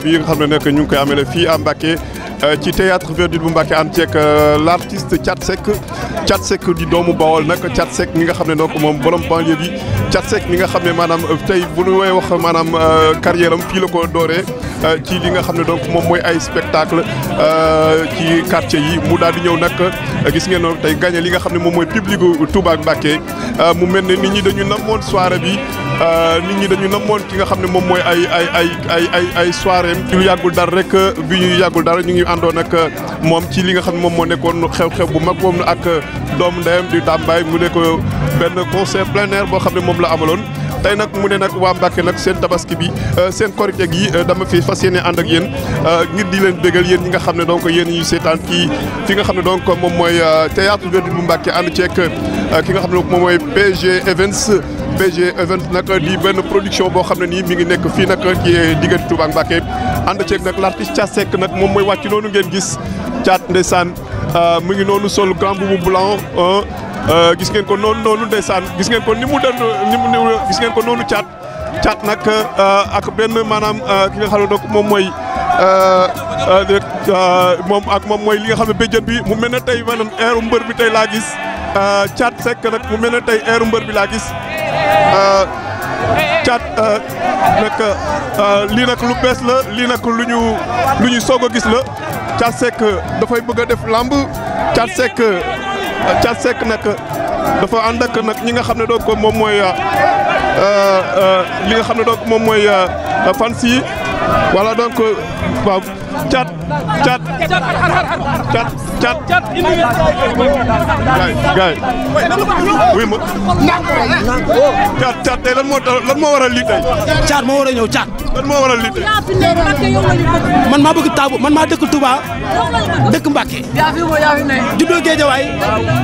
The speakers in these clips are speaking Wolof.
projet nga xam ne nekk ñu ngi koy amele fii à Mbacké euh, ci théâtre Verdure bu Mbacké ànd ceeg euh, l' artiste Thiat Seck Thiat Seck di doomu Bawol nag Thiat Seck mi nga xam ne donc moom borom banlieue bi Thiat Seck mi nga xam ne maanaam euh, tey bu ñu way wax maanaam carrière am fii la ko dooree ci li nga xam ne donc moom mooy ay spectacle ci quartier yi mu daal di ñëw nag gis ngeen noonu tey gagné li nga xam ne moom mooy public Touba Mbacké mu mel ne nit ñi dañu namoon soirée bi. Euh, nit ñi dañu namoon ki nga xam ne moom mooy ay ay ay ay ay ay soirée ci lu yàggul dara rek bi ñu yàggul dara ñu ngi àndoon ak euh, moom ci li nga xam ne moom moo nekkoon xew-xew bu mag moom ak euh, doomu ndeyam di Tambaye mu nekk benn concert plein air boo xam ne moom la amaloon. tey nag mu ne nag waa Mbacke nag seen tabaski bi seen korite gi dama fi fas yéene ànd yéen ngir di leen bégal yéen ñi nga xam ne donc yéen ñuy seetaan ci fi nga xam ne donc moom mooy théâtre Verdure bu Mbacke ànd ceeg ki nga xam ne moom mooy PG Events. BG Events nag di benn production boo xam ne nii mi ngi nekk fii nag ci diggante Touba ak Mbacké ànd ceeg nag l'artiste Thiat Seck nag moom mooy wàcc noonu ngeen gis Thiat ndeysaan euh, mi ngi noonu sol grand boubou blanc euh, gis ngeen ko noonu noonu ndeysaan gis ngeen ko ni mu doon ni mu gis ngeen ko noonu Thiat Thiat nag euh, ak benn maanaam ki nga xam ne donc moom mooy moom ak moom mooy li nga xam ne béjjën bi mu mel ne tey maanaam airu mbër bi tey laa gis a Thiat Seck nag mu mel ne tey airu mbër bi laa gis. caat euh, euh, nag euh, lii nag lu bees la lii nag lu ñu lu ñu soog a gis la Thiat Seck dafay bëgg a def làmb Thiat Seck Thiat Seck nag dafa ànd ak ñi nga xam ne donc moom mooy li nga xam ne donc moom mooy fans yi walla donc waaw Thiat Thiat Thiat cat cat indi nga gaay wuy ma cat cat tey lan moo lan moo waral lii tey cat moo war a ñëw cat lan moo waral lii man maa bëgg taabu man maa dëkk Touba dëkk Mbacké juddoo Géejawaay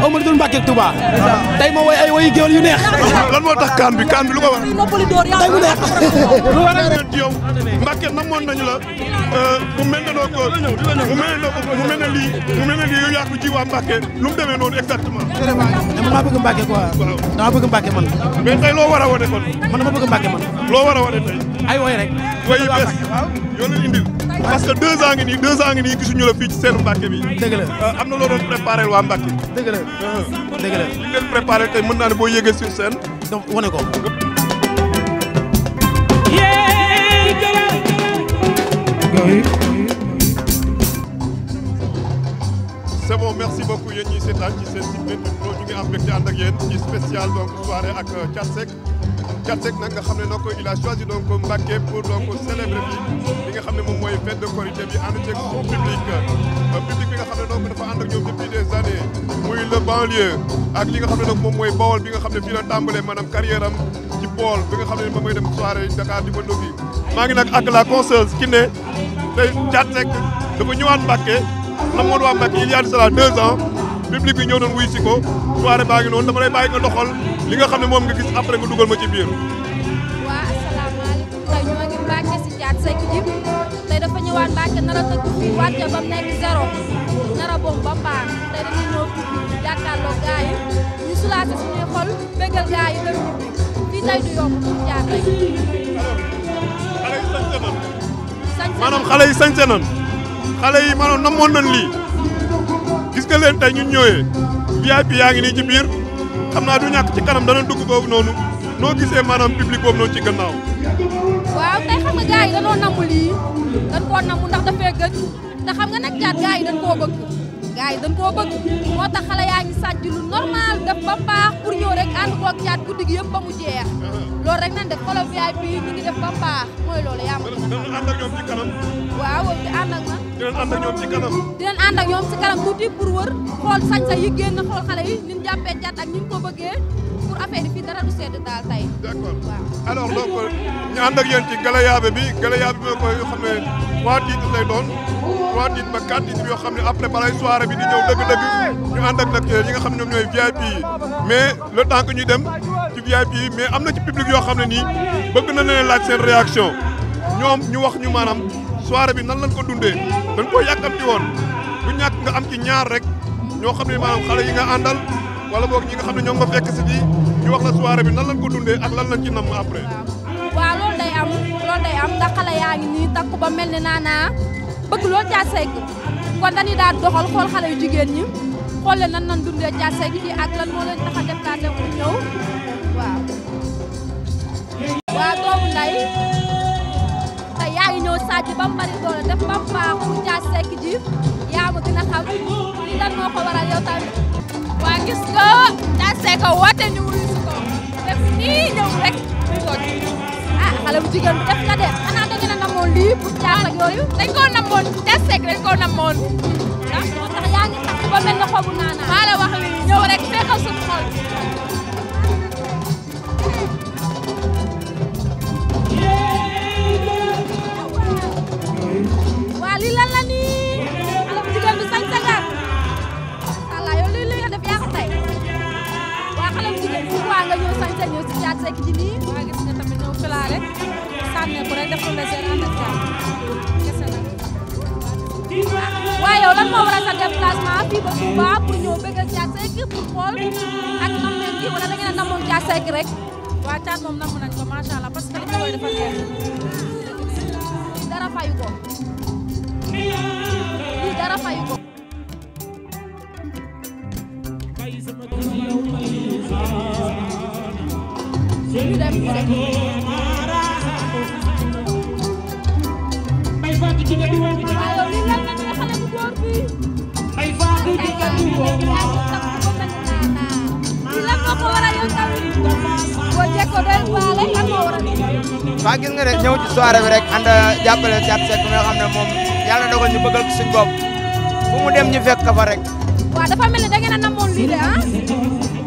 amul dul Mbacké Touba tey moo woy ay woy géwél yu neex lan moo tax kaan bi kaan lu ko war tey mu neex lu waral yow nañu la euh, mu mel ne lii ne nii yow yaa ko ji waa Mbacke lu mu noonu exactement. dama maa bëgg Mbacke quoi. waaw dama bëgg Mbacke man. mais tey loo war a wane kon. man dama bëgg Mbacke man. loo war wane tey. ay woy rek. woy yu bees yoo leen indil. parce que deux ans ngi nii deux ans nii gisuñu la fii seen Mbacke bi. dëgg la euh, am na loo doon préparé waa Mbacke. dëgg la euh. dëgg la. li ngeen préparé tey mën naa ne boo yëgee sur scène. donc wane ko. yéey c'est bon merci beaucoup yéen ñi seetaan ci seen site Netto ñu ngi am mbégte ànd ak yéen ci spécial donc soirée ak euh, Thiat Seck Thiat xam ne donc il a choisi donc Mbacké pour donc célébrer bi li nga xam ne moom mooy fête de Korité bi ànd ceeg son public euh, public bi nga xam ne donc dafa ànd ñoom depuis des années muy le banlieue ak li nga xam ne donc moom mooy Bawol bi nga xam ne fii la tàmbalee maanaam carrière am ci bool bi nga xam ne moom di ko Ndofi maa ngi nag ak la consoeur Kiné tey Thiat Seck ndax Modou Wa Mbacké il y a de cela deux ans public bi ñëw doon wuy si ko soirée baa ngi noonu dama lay bàyyi nga doxal li nga xam ne moom nga gis après nga dugal ma ci biir. waaw asalaamaaleykum tey ñoo ngi Mbacké si jaat Seck jib tey dafa ñëwaat Mbacké nar a tëgg fii wàcce ba mu nekk zéro nar a bom ba paan tey dañuy ñëw jàkkaarloo gaa yi ñu soulager suñuy xol bégal gaa yi dem fii tey du yomb pour jaat xale yi sañse xale yi maanaam namoon nañ lii gis nga leen tey ñun ñëwee VIP yaa ngi nii ci biir xam naa du ñàkk ci kanam dana dugg boobu noonu noo gisee maanaam public boobu noonu ci gannaaw. waaw tey xam nga gars yi danoo namm lii dañ koo namm ndax dafee gëj te xam nga nag jaat gars koo bëgg. gars yi dañ bëgg moo tax xale yaa ngi sàcc lu normal def ba baax pour ñëw rek ànd koog caat guddi gi yëpp ba mu jeex loolu rek nan def xolo VIP ñu ngi def ba baax mooy loolu yaa ma dinañ ànd ak ñoom ci kanam waaw di ànd ak na dinañ ànd ñoom ci kanam dinañ ànd ñoom ci kanam tuuti pour wër xool sañ sa yi génn xool xale yi ni ñu jàppee caat ak ñu ko bëggee pour affaire fii dara du sedd daal tey. ñu ànd ak ci galayaabe bi galayaabe bi mooy yoo xam ne trois titres lay doon trois titres ba quatre yoo xam ne après balay soirée bi di ñëw dëgg-dëgg ñu ànd ak nag ñi nga xam ne mais le temps que ñuy dem ci VIP yi mais am na ci public yoo xam ne nii bëgg na leen laaj seen réaction ñoom ñu wax ñu maanaam soirée bi nan lañ ko dundee dañ ko yàkkamti woon bu ñàkk nga am ci ñaar rek ñoo xam ne maanaam xale yi nga àndal wala boog ñi nga xam ne ñoom nga ñu wax bi nan lañ ko ak lan lañ ci nam après. waaw loolu day am loolu day am ndax yaa ngi nii takku ba mel ni naanaa bëgg loolu caaseeg kon dañuy daal doxal xool xale yu jigéen ñi xool leen nan nan dundee caaseeg yi ak lan moo leen tax a déplacé pour ñëw waaw. waa doomu nday te yaa ngi ñëw Sadji ba mu bari doole def ba mu baax pour ji yaa ma gën a xam li lan moo ko tamit. waa gis nga Thiate Seck woote ñu wuyu si ko def nii ñëw rek ñu ko ah xale bu jigéen bi def na de xanaa da ngeen a namoon lii pour Thiate ak yooyu dañ koo namoon Thiate Seck dañ koo namoon ndax moo tax yaa ngi takk ba mel ne xobu naana maa la wax lii ñëw rek fekkal suñu xol nga ñëw si Thiate Seck ji nii. waaw gis nga tamit ñëw filaare sànneeku rek def ko légère ànd ak jàmm kese la. waaye yow lan moo waral sa déplacement fii ba Touba pour ñëw bëggal Thiate Seck pour xool ak am nañ ji wala da ngeen a namoon Thiate Seck rek. waaw Thiate moom namm nañ ko macha allah parce que li nga koy defal dara fayu ko. waa gis nga de ñëw ci soirée bi rek ànd jàppale Thiat Seck bi nga xam ne moom yàlla dogal ñu bëggal ko suñu bopp fu mu dem ñu fekk ka fa rek. waaw dafa mel ni a namoon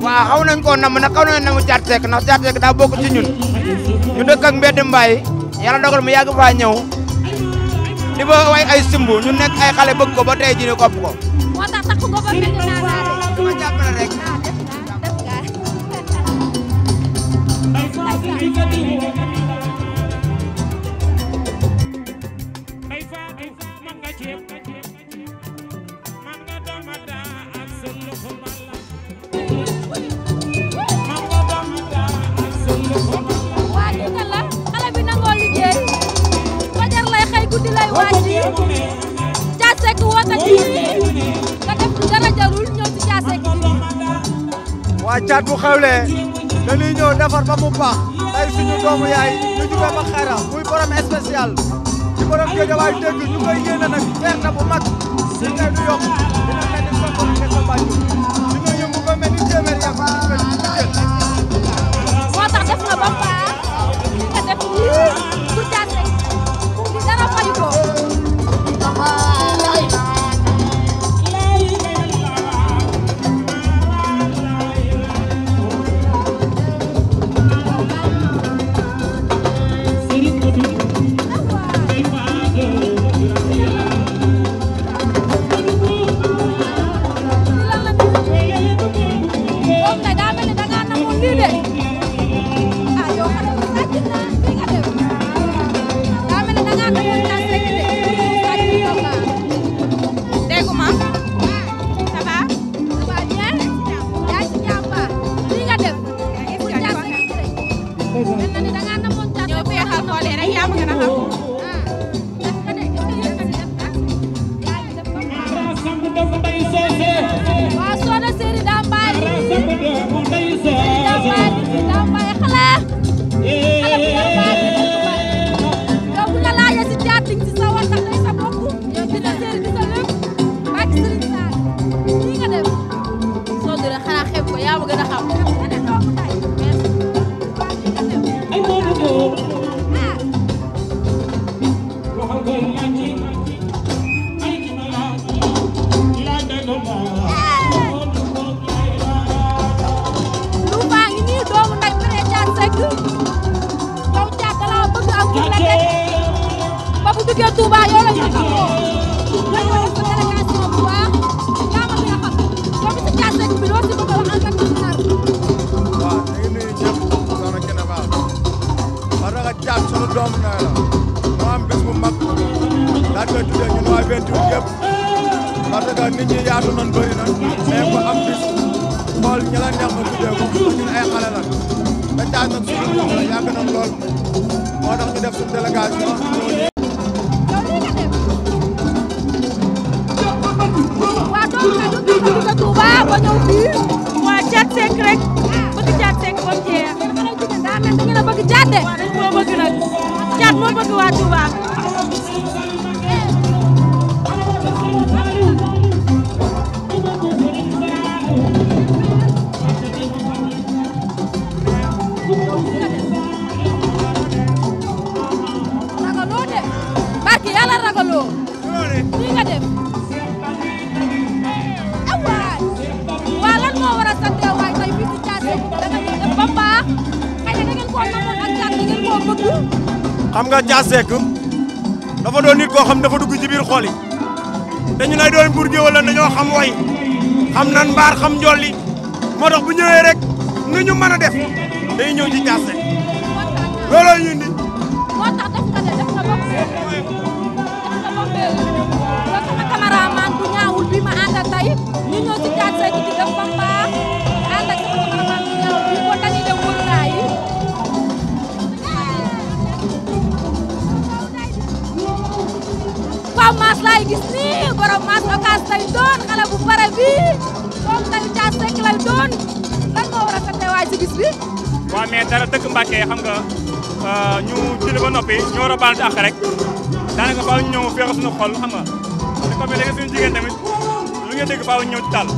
waaw xaw nañ koo nam nag xaw nañ namu Thiate Seck ndax Thiate Seck daa bokk ci ñun ñu dëkk ak mbedd mbaay yàlla dogal mu yàgg faa ba way ay simb ñu nekk ay xale bëgg ko ba tey jii nii kopp ko. moo tax takk ah, nga ba waaw caat bu xewlee dañuy ñëw defar ba mu baax tey suñu doomu yaay ñu jubee ba xayra muy borom spécial di borom géejawaay dégg ñu koy yéene nag ferte bu mag ñu ne du yokk dina mel ni soxla doomu Ndeye la mu am bés bu mag daal koy tuddee ñun waa 28 yëpp parce que nit ñi yaatu nañ bëri nañ mais ku am bis xool ñi la neex nga tuddee ko ñun ay xale la te caag nag suñu bopp la yàgg nañ lool moo tax ñu def suñu délégation. waaw ba ñëw fii waa Thiat Seck rek bëgg Thiat Seck ba mu jeex caat nag dañu la bëgg caat de. waaw dañu ko bëgg nag caat moo bëgg waa Touba. barki yàlla ragaloo xam nga Thiat Seck dafa doon nit koo xam dafa dugg ci biir xool yi dañu lay doon buur géwël la dañoo xam way xam nan mbaar xam njolli moo tax bu ñëwee rek nu ñu mën a def day ñëw ñu indi. moo ñu ñëw Ocass laay gis nii borom maas Ocass lay doon xale bu bare bii doom tayu Thiat Seck doon lan moo war a sa teewaay ci bi. waaw mais dara dëkk Mbacke xam nga euh, ñu julli noppi ñu war a baal àq rek daanaka faaw ñu ñëw xol xam nga te comme léegi suñu jigéen tamit lu ngeen dégg faaw ñëw ci taal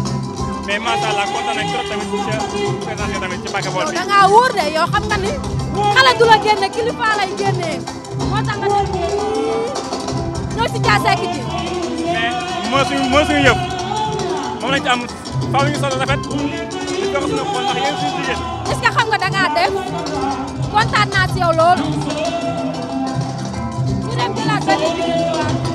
mais macha allah kontaan nañ trop tamit ci présenté tamit de yow xam nga ni xale du la génne kilifa lay génnee moo tax nga si Thiass Seck ji. mais mooy suñu mooy suñu yëpp moom lañ ci am faaw ñu solo rafet di jox suñu xol ndax yéen suñu jigéen. est-ce que xam nga da ngaa def kontaan naa si yow loolu. ñu dem jëlaat benn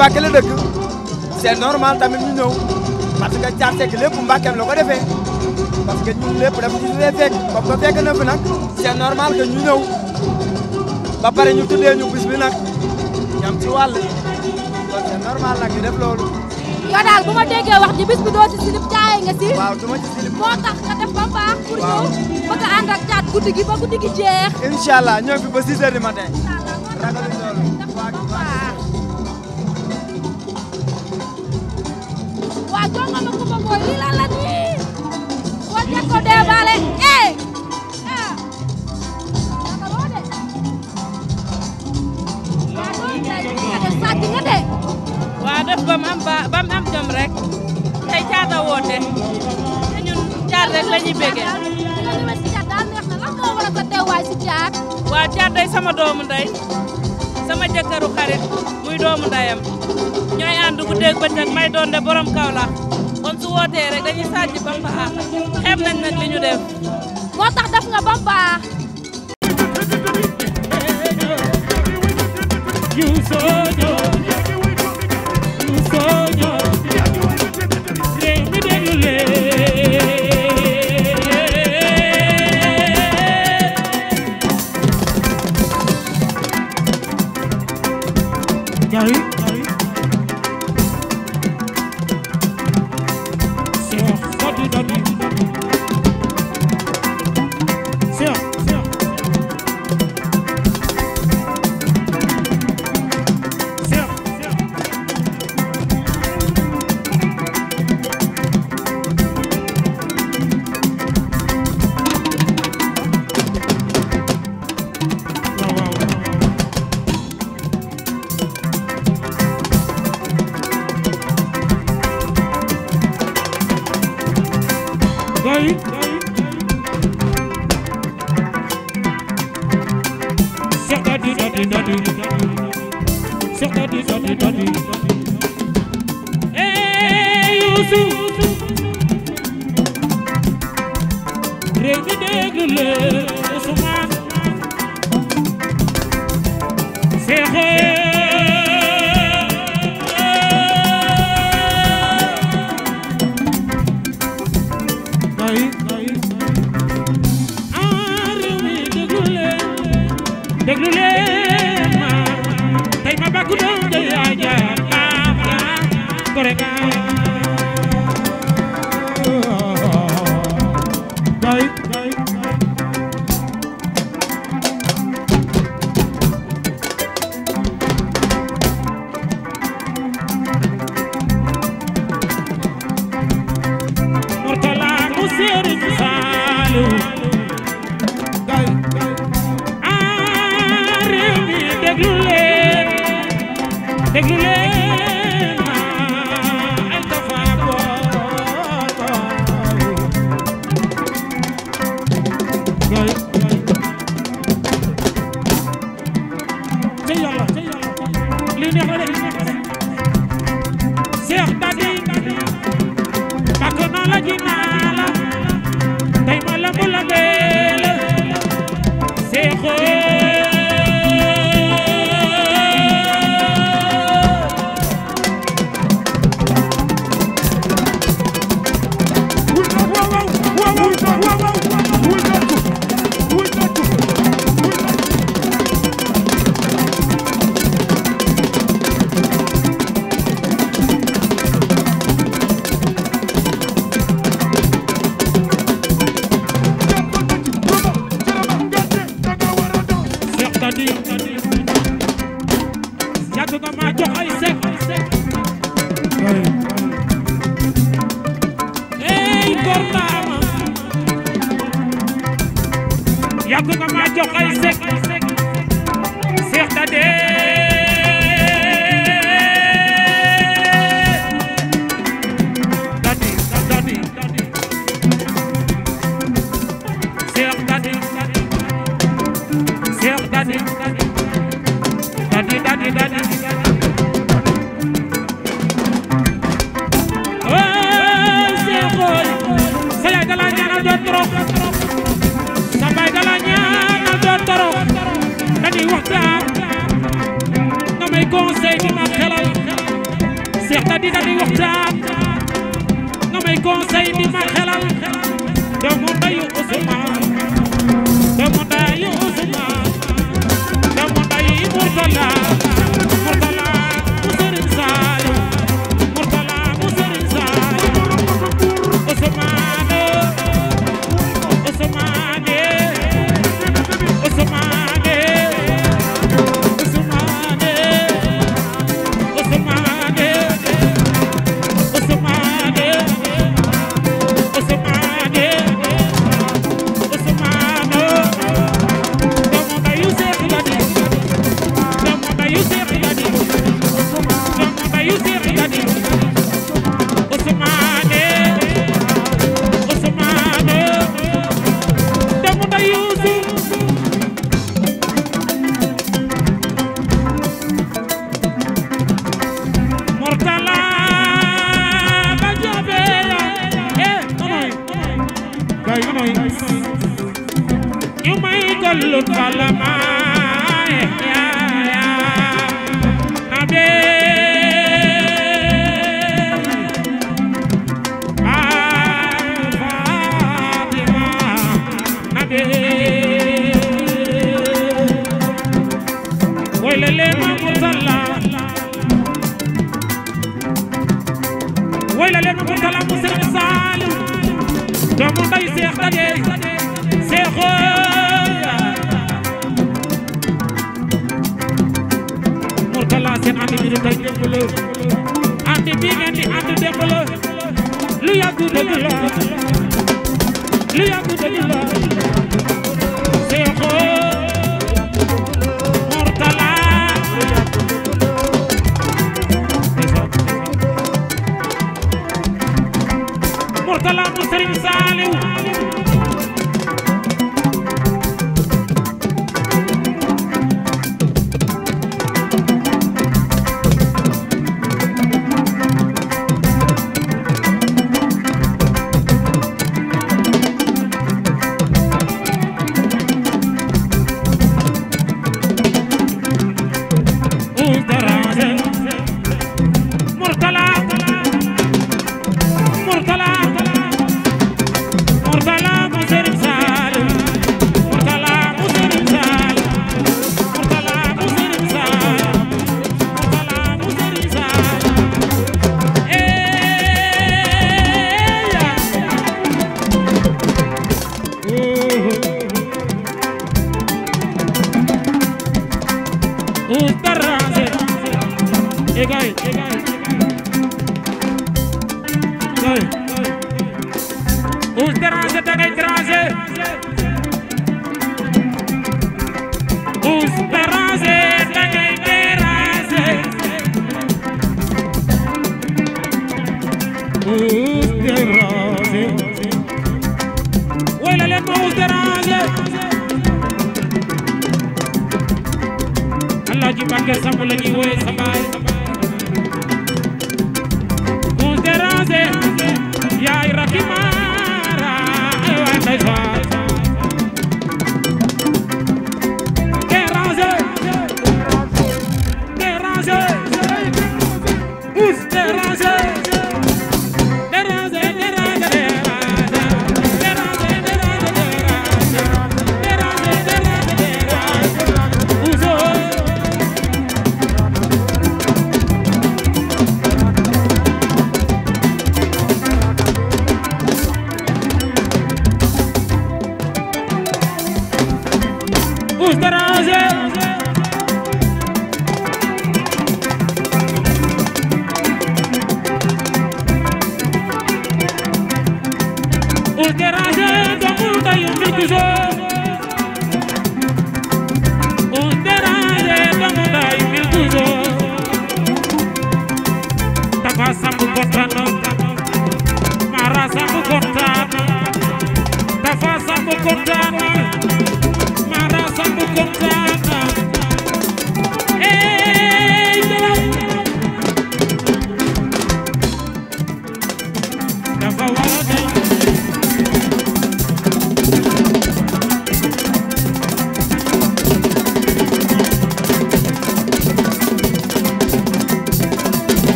Mbacke la dëkk c'est normal tamit ñu ñëw parce que Thiat Seck lépp Mbackeem la ko defee parce que ñun lépp dafa ñu fee fekk comme que fekk na fi nag normal que ñu ñëw ba pare ñu tuddee ñu bis bi ñam ci wàll kon c'est normal nag ñu def loolu. daal bu ma déggee wax ji bis bi doo ci silib jaayee nga si. ci silib moo tax nga def ba baax. pour ñëw bëgg a ba guddi gi jeex. incha allah ñoo ba 6 heures du matin. incha allah ragaluñ waa jongama Kumba Booy lii lan la nii boo teg ko dee baale eh ah naka loo de waa doon tey li nga def sàcc nga de. waa def ba mu am ba ba mu am jom rek tey caata woote te ñun caat rek la ñuy béggee. waaw caat daal neex na lan moo waral sa teewaay si caat. waa caat day sama doomu ndey. sama jëkkëru xarit muy doomu ndayam ñooy ànd guddeeg bëccëg may doon de borom Kaolack kon su wootee rek dañuy sàcc ba mu baax xeeb nañ nag li ñu def moo tax def nga ba mu baax Wow, wow, wow.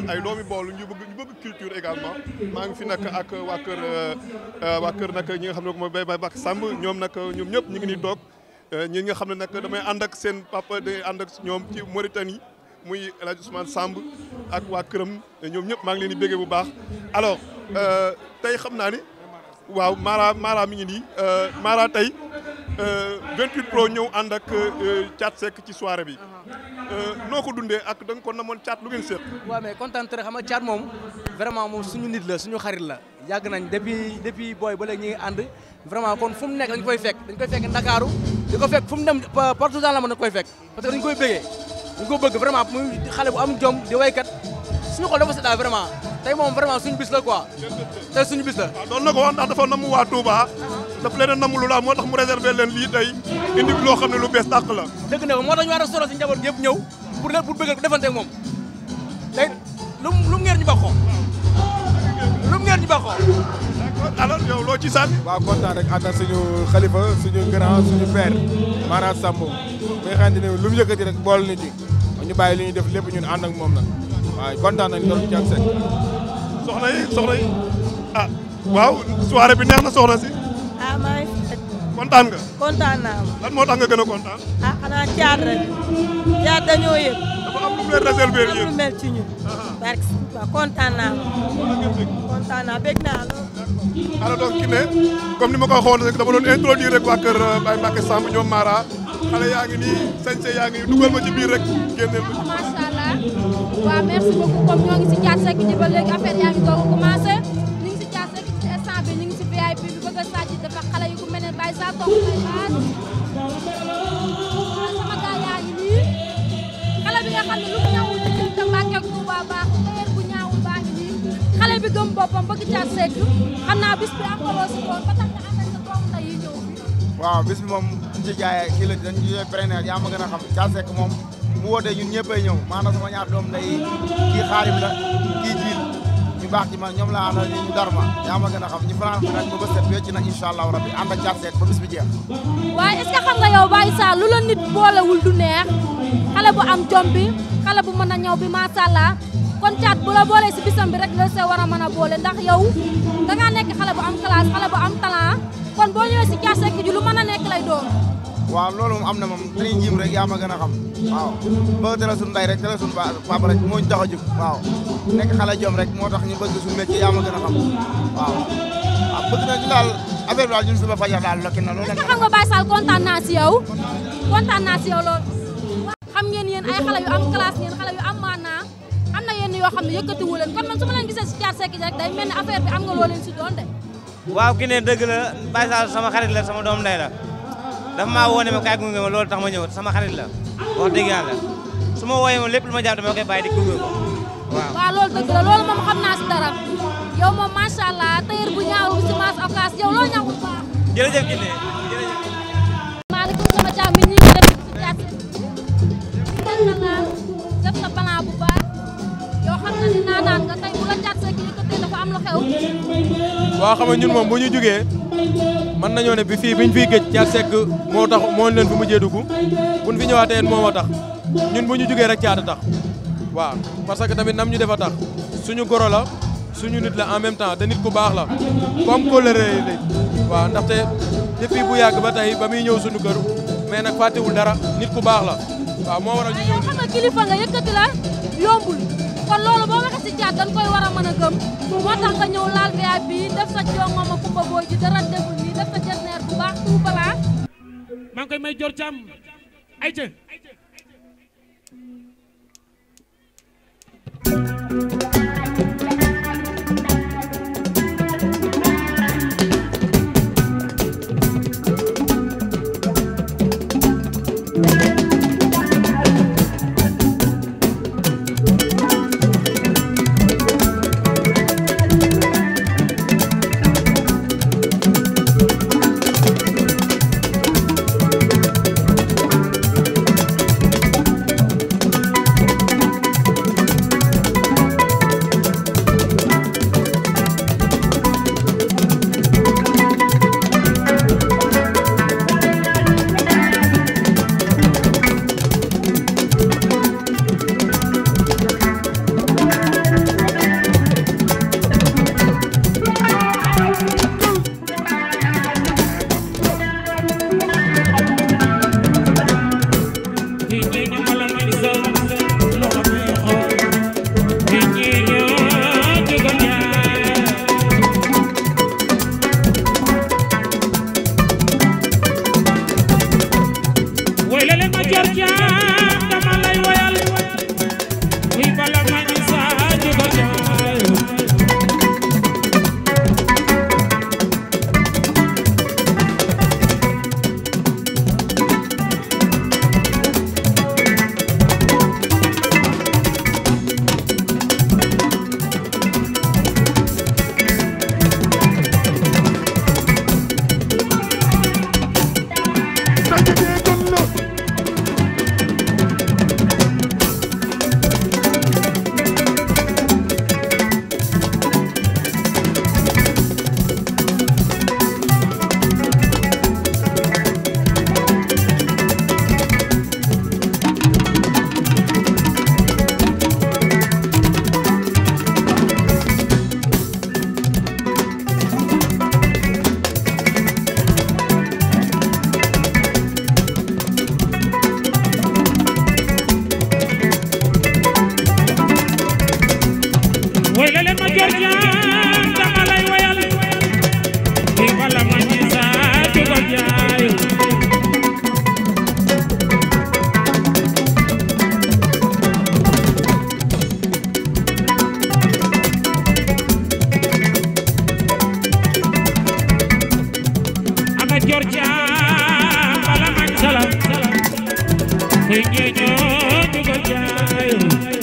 dundal ay doomi boolu ñu bëgg ñu bëgg culture également maa ngi fi nag ak waa kër euh, waa kër nag ñi nga xam ne mooy Baye Baye Bakk Samb ñoom nag ñoom ñëpp ñu ngi ni toog euh, ñi nga xam ne nag damay ànd ak seen papa de ànd ak ñoom ci Mauritanie muy El Hadj Ousmane Samb ak waa këram ñoom ñëpp maa ngi leen di béggee bu baax alo euh, tey xam naa ni waaw maa Mara mi ngi nii Mara tey 28 pro ñëw ànd ak Thiat Seck ci soirée bi. Euh, noo ko dundee ak da nga ko namoon caat lu ngeen seet. waaw mais kontaan très xam caat moom vraiment moom suñu nit la suñu xarit la yàgg nañ depuis depuis booy ba léegi ñu ngi kon fu nekk dañ koy fekk dañ koy fekk Ndakaaru di ko fekk fu mu dem partout dans le monde dañ koy fekk parce que dañ koy bëggee dañ ko bëgg vraiment xale bu am jom di waykat suñu xool dafa seddaay vraiment tey moom vraiment suñu bis la quoi doon na ko wax ndax dafa namu waa Touba daf leen a la moo tax mu réserver leen lii tey indi loo xam ne lu bees tàq la dëgg na ko moo tax ñu war a solo si njaboot yëpp ñëw pour leen pour ko defante ak moom léegi lu lu mu ngeen ñu baaxoo lu ñu baaxoo alors yow loo ci sànni waaw kontaan rek àndal suñu xalifa suñu grand suñu père Mara Samb mi nga xam ne bool nit ñi ñu bàyyi li ñuy def lépp ñun ànd ak moom nag waaw kontaan nañu loolu Thiate Seck. soxna yi soxna ah, waaw soirée bi neex na soxna si. ah kontaan nga. kontaan naa ma. lan moo tax nga gën a kontaan. ah xanaa Thiate rek Thiate dañoo yëg. dafa am lu mu leen ni ma ko waxoon rek dama doon introduire kër euh, Baye Mbacke Samb ñoom xale yaa ngi nii sañse yaa ngi dugal ma ci biir rek génneel ma. macha allah waaw merci beaucoup comme ñoo ngi si Thiat Seck ji léegi affaire yaa ngi doog a ñu ngi si Thiat Seck ci ñu ngi si VIP bi bëgg a sàcc dafa xale yu ko mel ne saa toog ay baax baax xale bi gëm boppam bëgg Thiat Seck xam naa bis bi am solo ba tax na am sa doomu ndey yi ñëw. waaw bis moom. duñ ci jaayee kii la dañ ñuy prene yaa ma gën a xam Thiat Seck moom mu wootee ñun ñëppay ñëw maanaam sama ñaar doom day kii xaarim la kii jiil ñu baax ci man ñoom la àndal ñu ñu darma yaa ma gën a xam ñu fanaan ko nag ba bës set wecc nag incha allahu rabbi ànd ak Thiat Seck ba bis bi jeex waaye est ce que xam nga yow Baye Sarr lu la nit boolewul du neex xale bu am jom bi xale bu mën a ñëw bi macha allah kon caat bu la boolee si bisam bi rek la see war a mën a boole ndax yow da ngaa nekk xale bu am classe xale bu am talent kon loolu moom am na moom ma gën a xam waaw ba teel a sunu a sunu papa a jóg rek moo tax ñu bëgg suñu métier yaa ma a xam waaw. waaw bëgg na nga Baye Sall kontaan naa kontaan naa lool. xam ngeen yéen ay xale am classe ngeen xale am maanaa am na yenn yoo xam ne yëkkatiwu leen kon ma leen gisee si Dia Seck ji rek day mel ne affaire bi am nga loo si doon de. waaw ki dëgg la Baye Sall sama xarit la sama doom ndey la dafa maa woo ma kaay gunge ma loolu tax ma ñëw sama xarit la wax dëgg yàlla su ma wooyee moom lépp lu ma jàpp dara yow moom macha allah tailleur bu ñaawul si maas occas yow loo ñaawul bu baax yow xam na ne naanaan nga tey bu la jaajëf kii dafa am lu xew. waaw xam nga ñun moom bu ñu jugee mën nañoo ne bi fii biñ fiy gëj caat sekk moo tax moo leen fi mujjee dugg buñ fi ñëwaatee moo ma tax ñun bu ñu jugee rek caata tax waaw parce que tamit nam ñu defa tax suñu goro la suñu nit la en même temps te nit baax la comme colère la waaw ndaxte depuis bu yàgg ba tey ba muy ñëw suñu kër mais nag fàttewul dara nit ku baax la waa moo waral ñu ñëw. xam nga kilifa nga la yombul. kon loolu boo waxee si jaat dañ koy war a mën a gëm moo tax nga ñëw laal VIP bi def sa jongoma kumba boo dara deful nii def sa jenneer bu baax tout jor càmm Singing on to go down.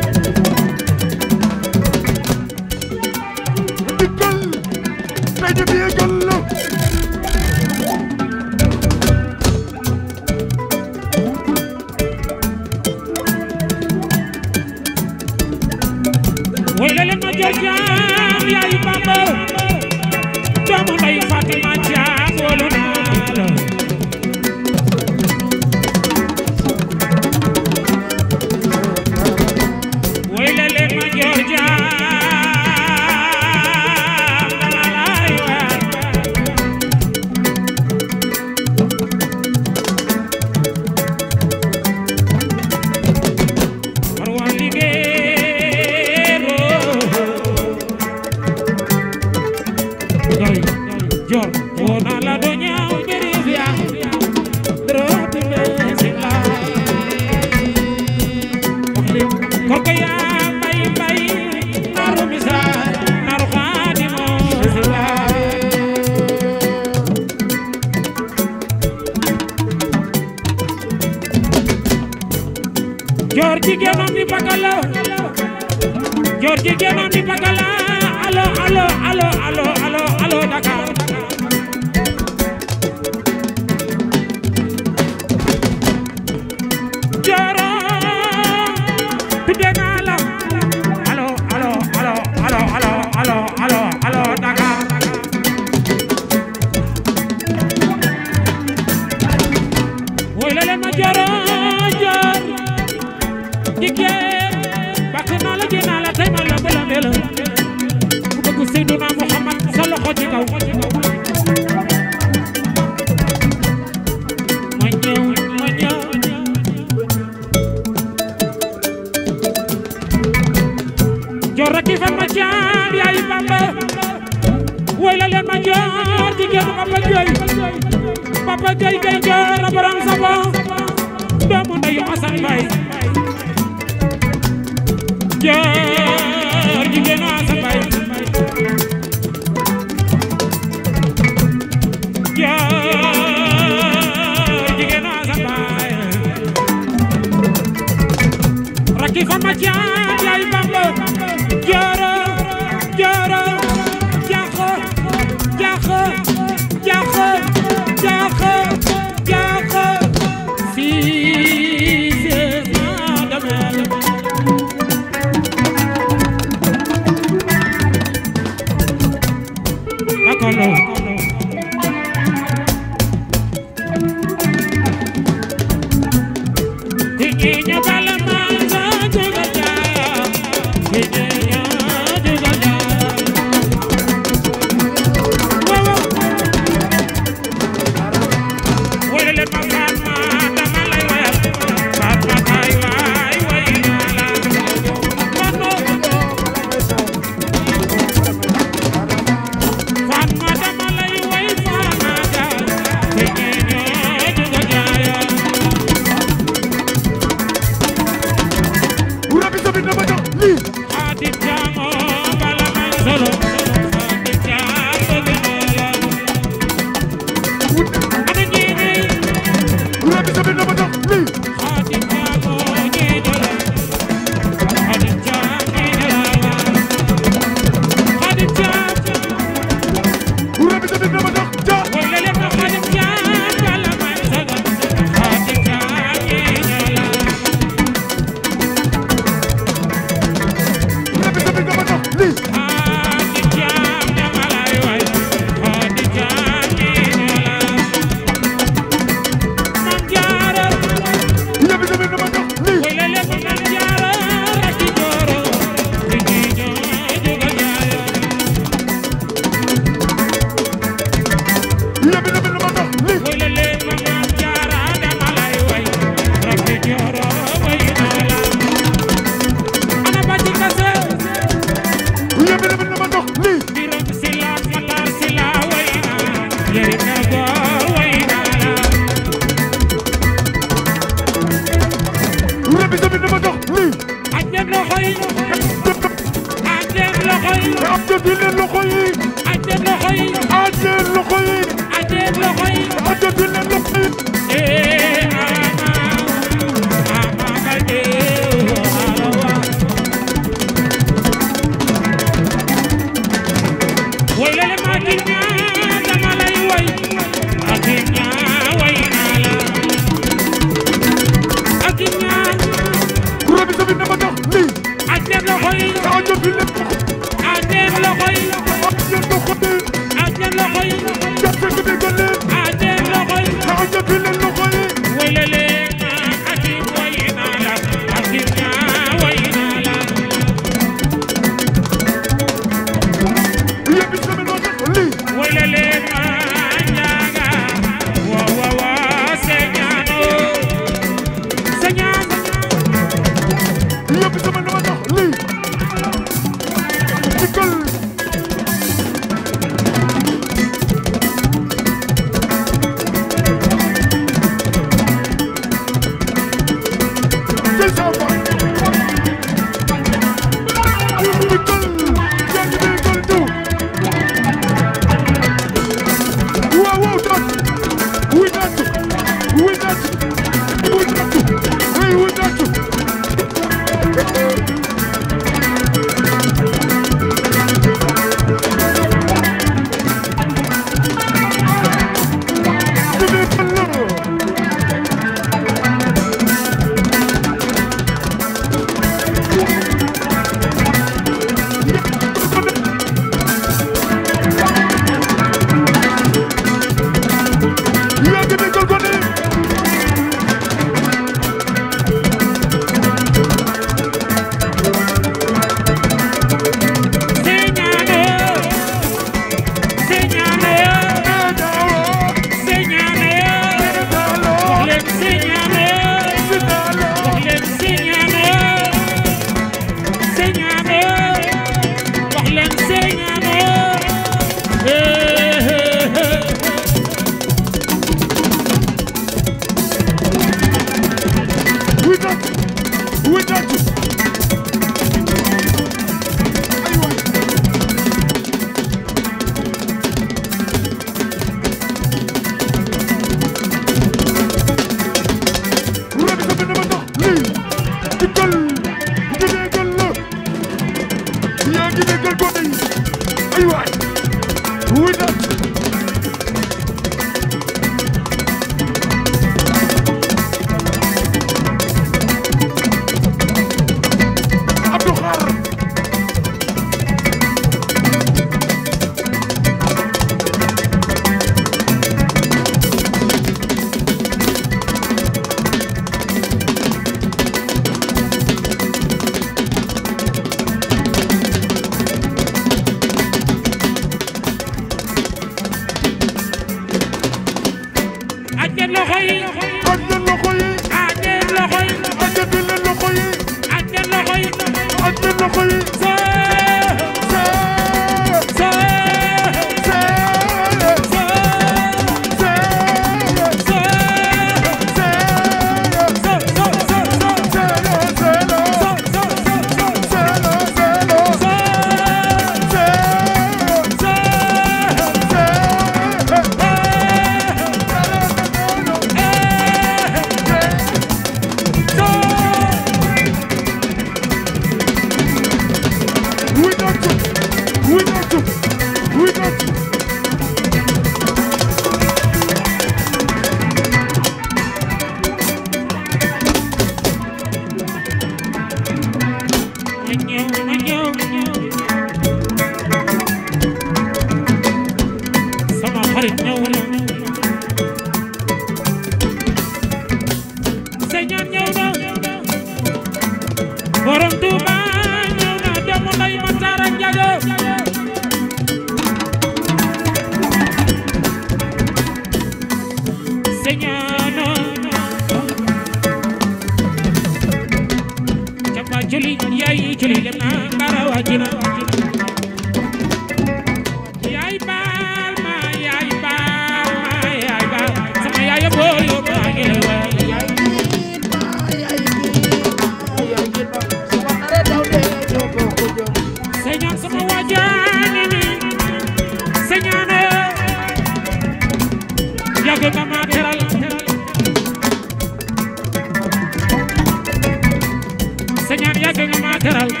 teral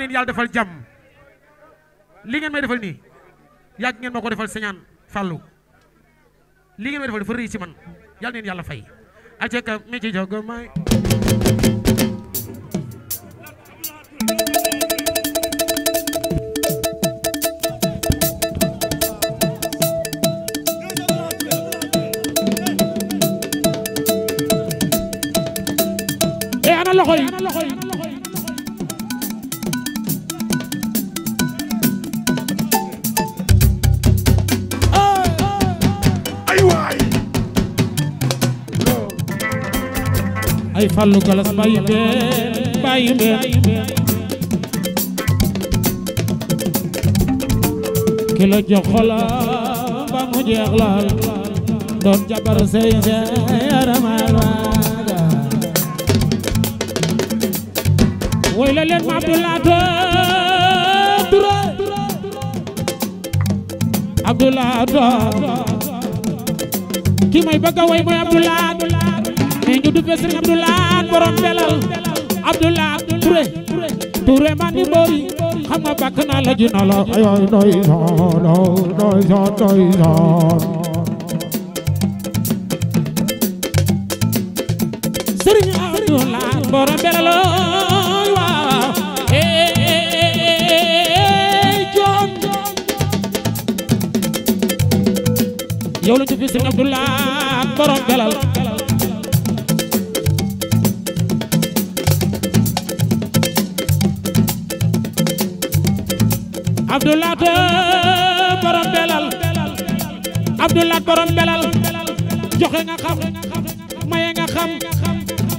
na leen yàlla defal jàmm li ngeen may defal nii yàgg ngeen ma ko defal sañaan fàllu li ngeen may defal dafa rëy ci man yàlla na leen yàlla fay aceka mi ci jogo may Fallou Galas bàyyi benn bàyyi benn ki la jox xolam ba mu jeex laal doon jabar sey sey yaramaal waaga woy la leen ma Abdoulaye Touré Abdoulaye Touré ki may bëgg a woy mooy Abdoulaye mais ñu duppee Serigne Abdoulaye borom belal Abdullah Touré Touré man di boori xam nga bakk naa la jina la ayoy noy son noy son noy son Serigne Abdullah borom belal waaw eh jom yow la jëf Serigne Abdullah borom belal Abdoulaat borom belal Abdoulaat borom belal joxe nga xam maye nga xam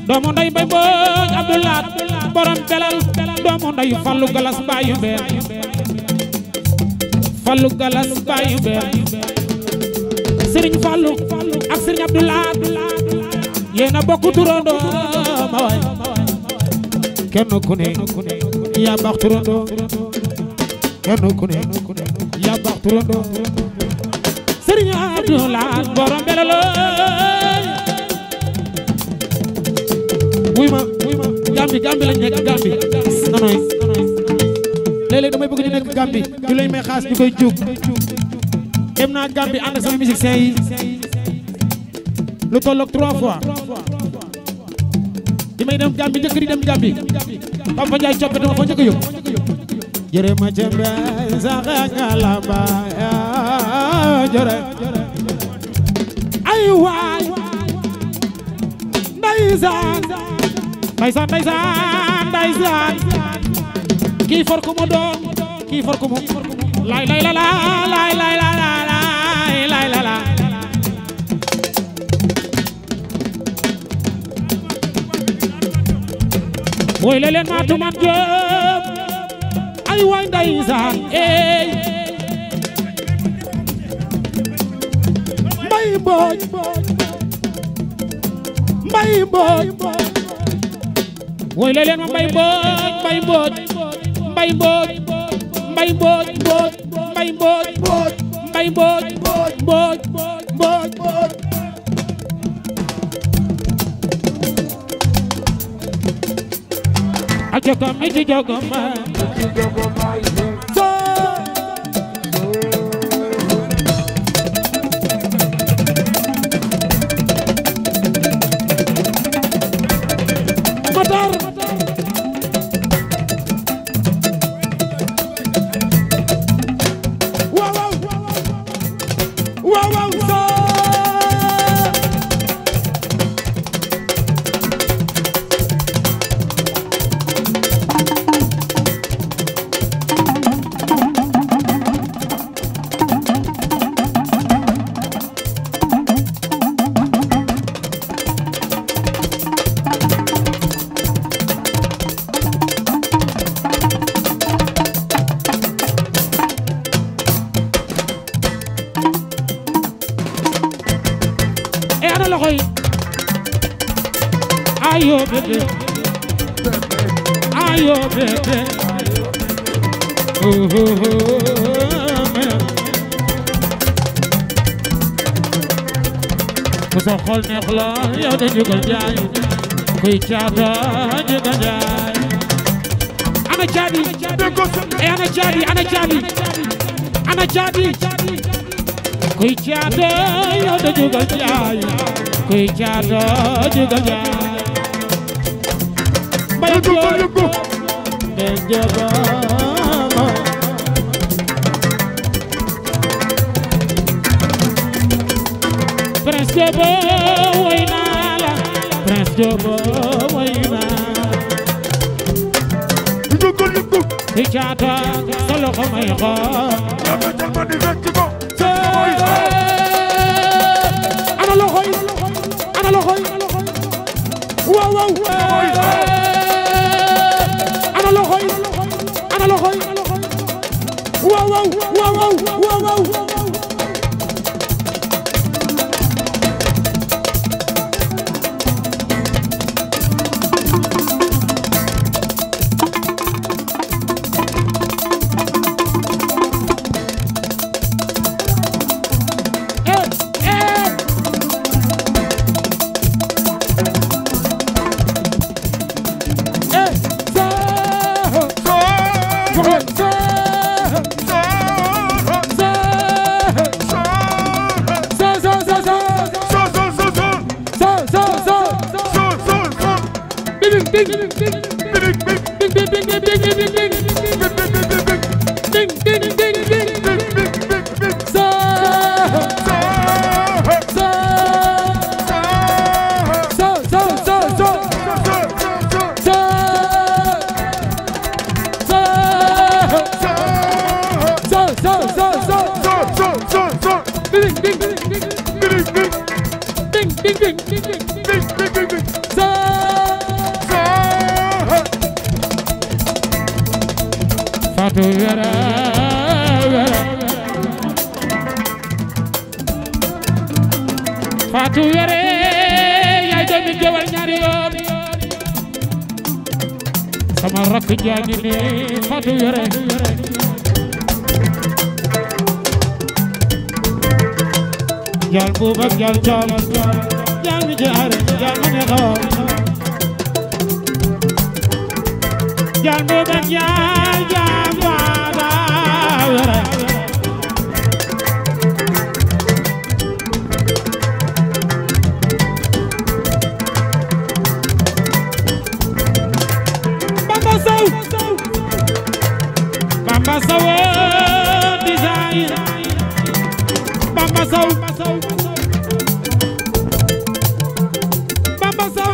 doomu nday bay booj Abdoulaat borom belal doomu nday fallu galas bayu been fallu galas bayu been Serigne Fallu ak Serigne Abdoulaat yéen a bokk turandoo ma waay kenn ku kenn ku ne yaa baax turandoo Serigne Abdoulaye borom belalo wuy ma wuy ma Gambie Gambie lañ nekk Gambie nanoy léeg-léeg damay bëgg di nekk Gambie ñu lañ may xaas ñu koy jóg dem naa Gambie ànd ak sama musiciens yi lu tollook trois fois di may dem Gambie njëkk di dem Gambie Papa Ndiaye coppe dama fa njëkk a yóbbu jere ma jembe zaga ngalamba jere ay waay ndeysaan ndeysaan ndeysaan ndeysaan kii for ko mo doon kii for ko mo lay lay la lay lay la lay lay la la woy leen ma tumat jee way way ndeysaan ey mbay mbooj mbay mbooj woy leen ma mbay mbooj mbay mbooj mbay mbooj mbay mbooj mbooj mbay mbooj mbooj mbay mbooj mbooj mbooj mbooj a jogam a jogam Gogo Mai. ku sa xol neex la yow de jógal jaay kuy caaba jógal jaay ana caabi e ana caabi ana caabi ana caabi kuy yow de jógal jaay kuy caaba jógal jaay bay jógal de jaaba Jobo woy naa la Prince Jobo woy naa la jugal jugal di caata sa loxo may xool Bamba Sow design Bamba Sow Bamba Sow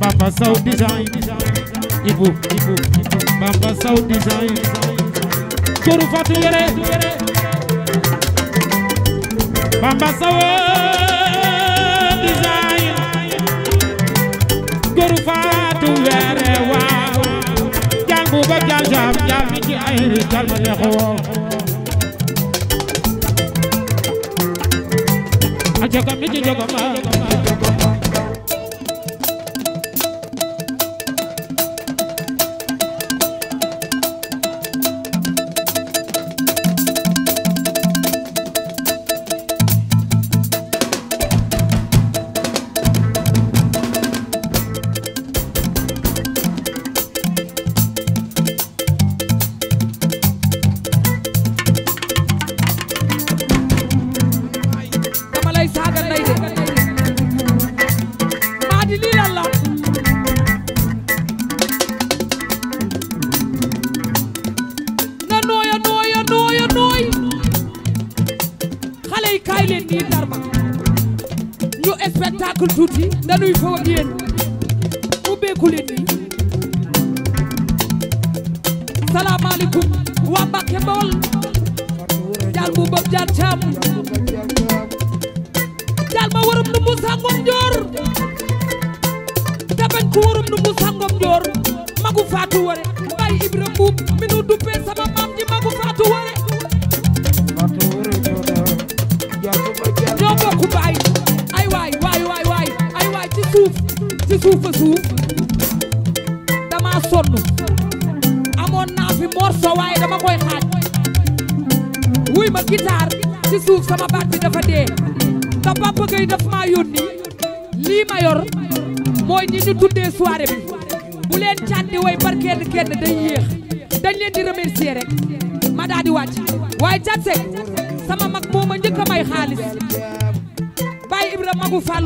Bamba Sow design Ibu Ibu Bamba Sow design Kuru Fatou Yere Bamba Sow ba jaal jaam jaal mi ci ay jaal ma neexu woo a jaga mi ci jaga ma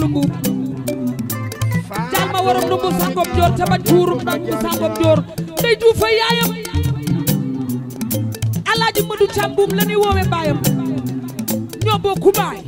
ndumbu calma waram ndumbu sangom joor caba cuurum ndumbu sangom joor ndey juufa yaayam alaaji Madu Cam Buum la ñuy woowe baayam ñoo bokku baay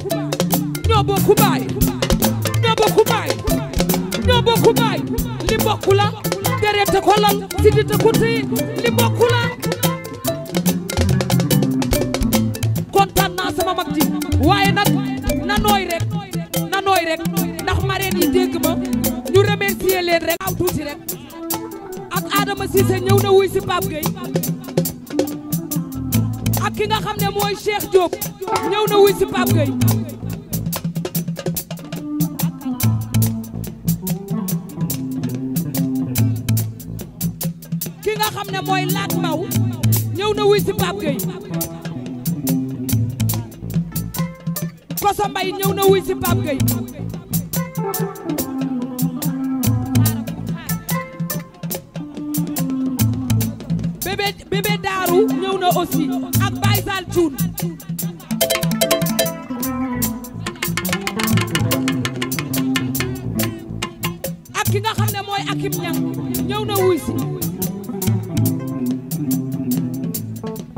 bébé bébé daaru ñëw na aussi ak Baye Sall Thioune ak ki nga xam ne mooy Akim Niang ñëw na wuy si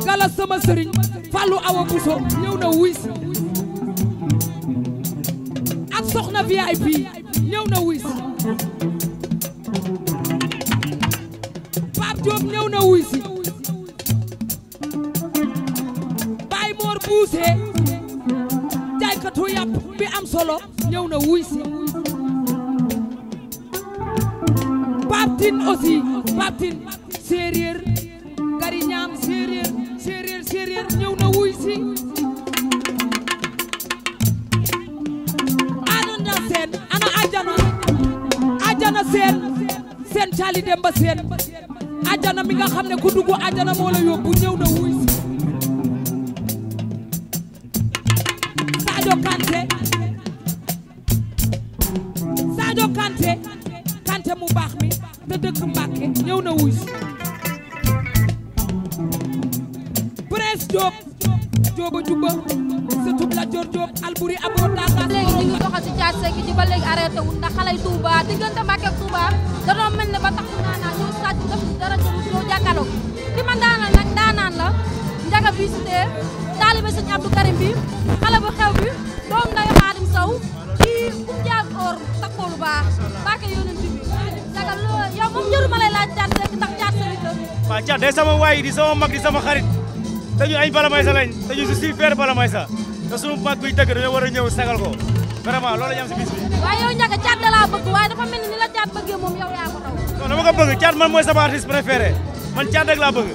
gala sama sëriñ Awa Bousso ñëw na wuy si ak soxna VIP ñëw na wuy na wuy si Baye Mor Buuse jaaykatu yàpp bi am solo ñëw na wuy si Pape Tine aussi Pape Tine Demba Seen ajana mi nga xam ne ku dugg ajana moo la yóbbu ñëw na wuy kuy tëgg dañoo war a ñëw sagal ko vraiment loolu la ñu am si bis bi. waaye a Ndiaga Thiat da laa bëgg waaye dafa mel ni ni la Thiat bëggee moom yow yaa ko raw. non dama ko bëgg Thiat man mooy sama artiste préféré man Thiat rek a bëgg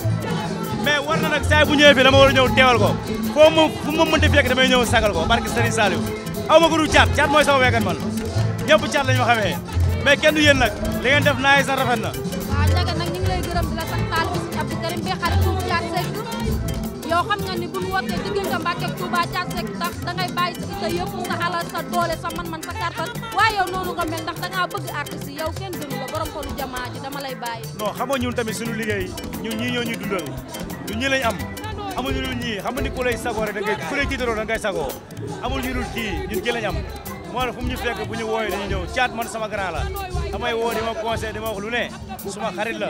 mais war na nag saa bu ñëwee fii dama war a ñëw teewal ko foo mu fu mu mënti fekk damay ñëw sagal ko barke Serigne Saliou aw ma ko du Thiat mooy sama wékkat man ñëpp Thiat lañ ma xamee mais kenn du yéen nag li ngeen def naay sax rafet na xam nga ni bu ñu wootee diggante Mbàkke ak Touba Thiat Seck tax dangay bàyyi sa itte yëpp sa sa doole sa man-man sa kàttan waaye yow noonu nga mel ndax dangaa bëgg artiste yow kenn gënu la borom xolu jamaa ji dama lay bàyyi non xam nga ñun tamit suñu liggéey ñun ñii ñoo dundal ñun ñi lañ am amuñu lu xam nga ni ku lay sagoo rek da ngay ku lay tiitaroo da ngay sagoo amul ñu dul kii ñun kii am moo fu mu ñu fekk bu ñu wooyee dañuy ñëw Thiat man sama grand la damay ma conseil la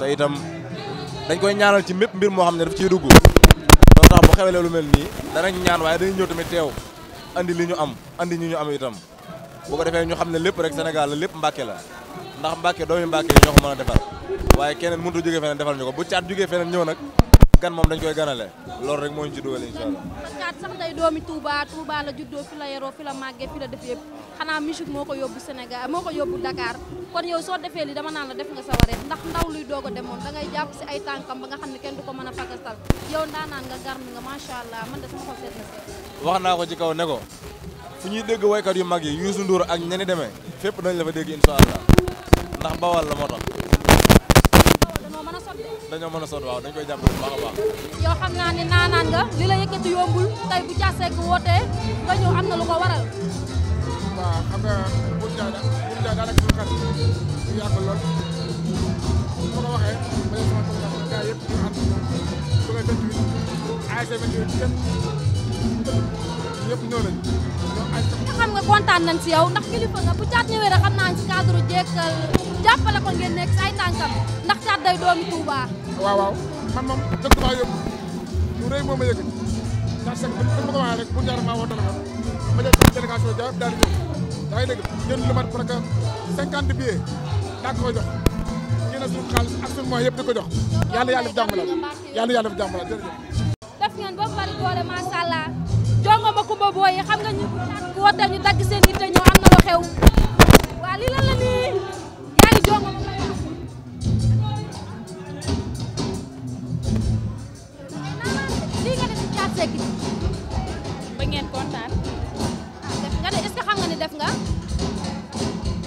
te itam dañ koy ñaanal ci mépp mbir moo xam ne daf ciy dugg loolu tax bu xewelee lu mel nii danañ ñaan waaye dañuy ñëw tamit teew andi li ñu am andi ñi ñu am itam boo ko defee ñu xam ne lépp rek Sénégal la lépp Mbàkke la ndax Mbàkke doomi Mbàkke yi ñoo ko mën a waaye keneen mun a jógee feneen defal ñu ko bu caat jógee feneen ñëw nag gan moom dañ koy ganale loolu rek moo ñu ci dugal incha allah. Maguette sax day doomi Touba Touba la juddoo fi la yaroo fi la màggee fi la def yëpp xanaa musique moo ko yóbbu Sénégal moo ko yóbbu Dakar kon yow soo defee li dama naan la def nga sa wareef ndax ndaw luy doog a demoon da jàpp si ay tànkam ba nga xam ne kenn du ko mën a fagastal yow ndaanaan nga garmi nga macha allah man de sama seet na seet. wax naa ko ci kaw ne ko fu ñuy dégg waykat yu mag yi Youssou Ndour ak ñeni demee fépp dañ la fa dégg incha ndax bawal la dañoo mën a sot waaw dañ koy jàppale bu baax baax. yow xam naa ne naanaan nga li la yëkkati yombul tey bu Thiat Seck wootee nga am na lu waral. bu Thiat bu Thiat daanaka suñu xarit ñu yàgg lool su ma ko waxee ba ñëpp ñëw nañ nga si yow ndax kilifa nga bu caat ñëwee si cadre jekkal jàppale ko ngeen nekk si ay tànkam caat day doomi Touba. waaw waaw man moom dëgg maa yóbbu lu rëy moom ma yëkkati caat sekk dama ko waxee rek bu ñaar maa woo téléphone ja daal di ñëw yaa ngi ak suñu moyens yëpp di ko jox yàlla yàlla def jàmm la yàlla yàlla ngeen boobu bari doole macha jongo ma kumba booyi xam nga ñu dagg seen yitte ñoo am na lu xew waa lii lan la nii yaa jongo ma lii nga def ci caat sekk ba ngeen kontaan ah, nga de est-ce xam nga ni def nga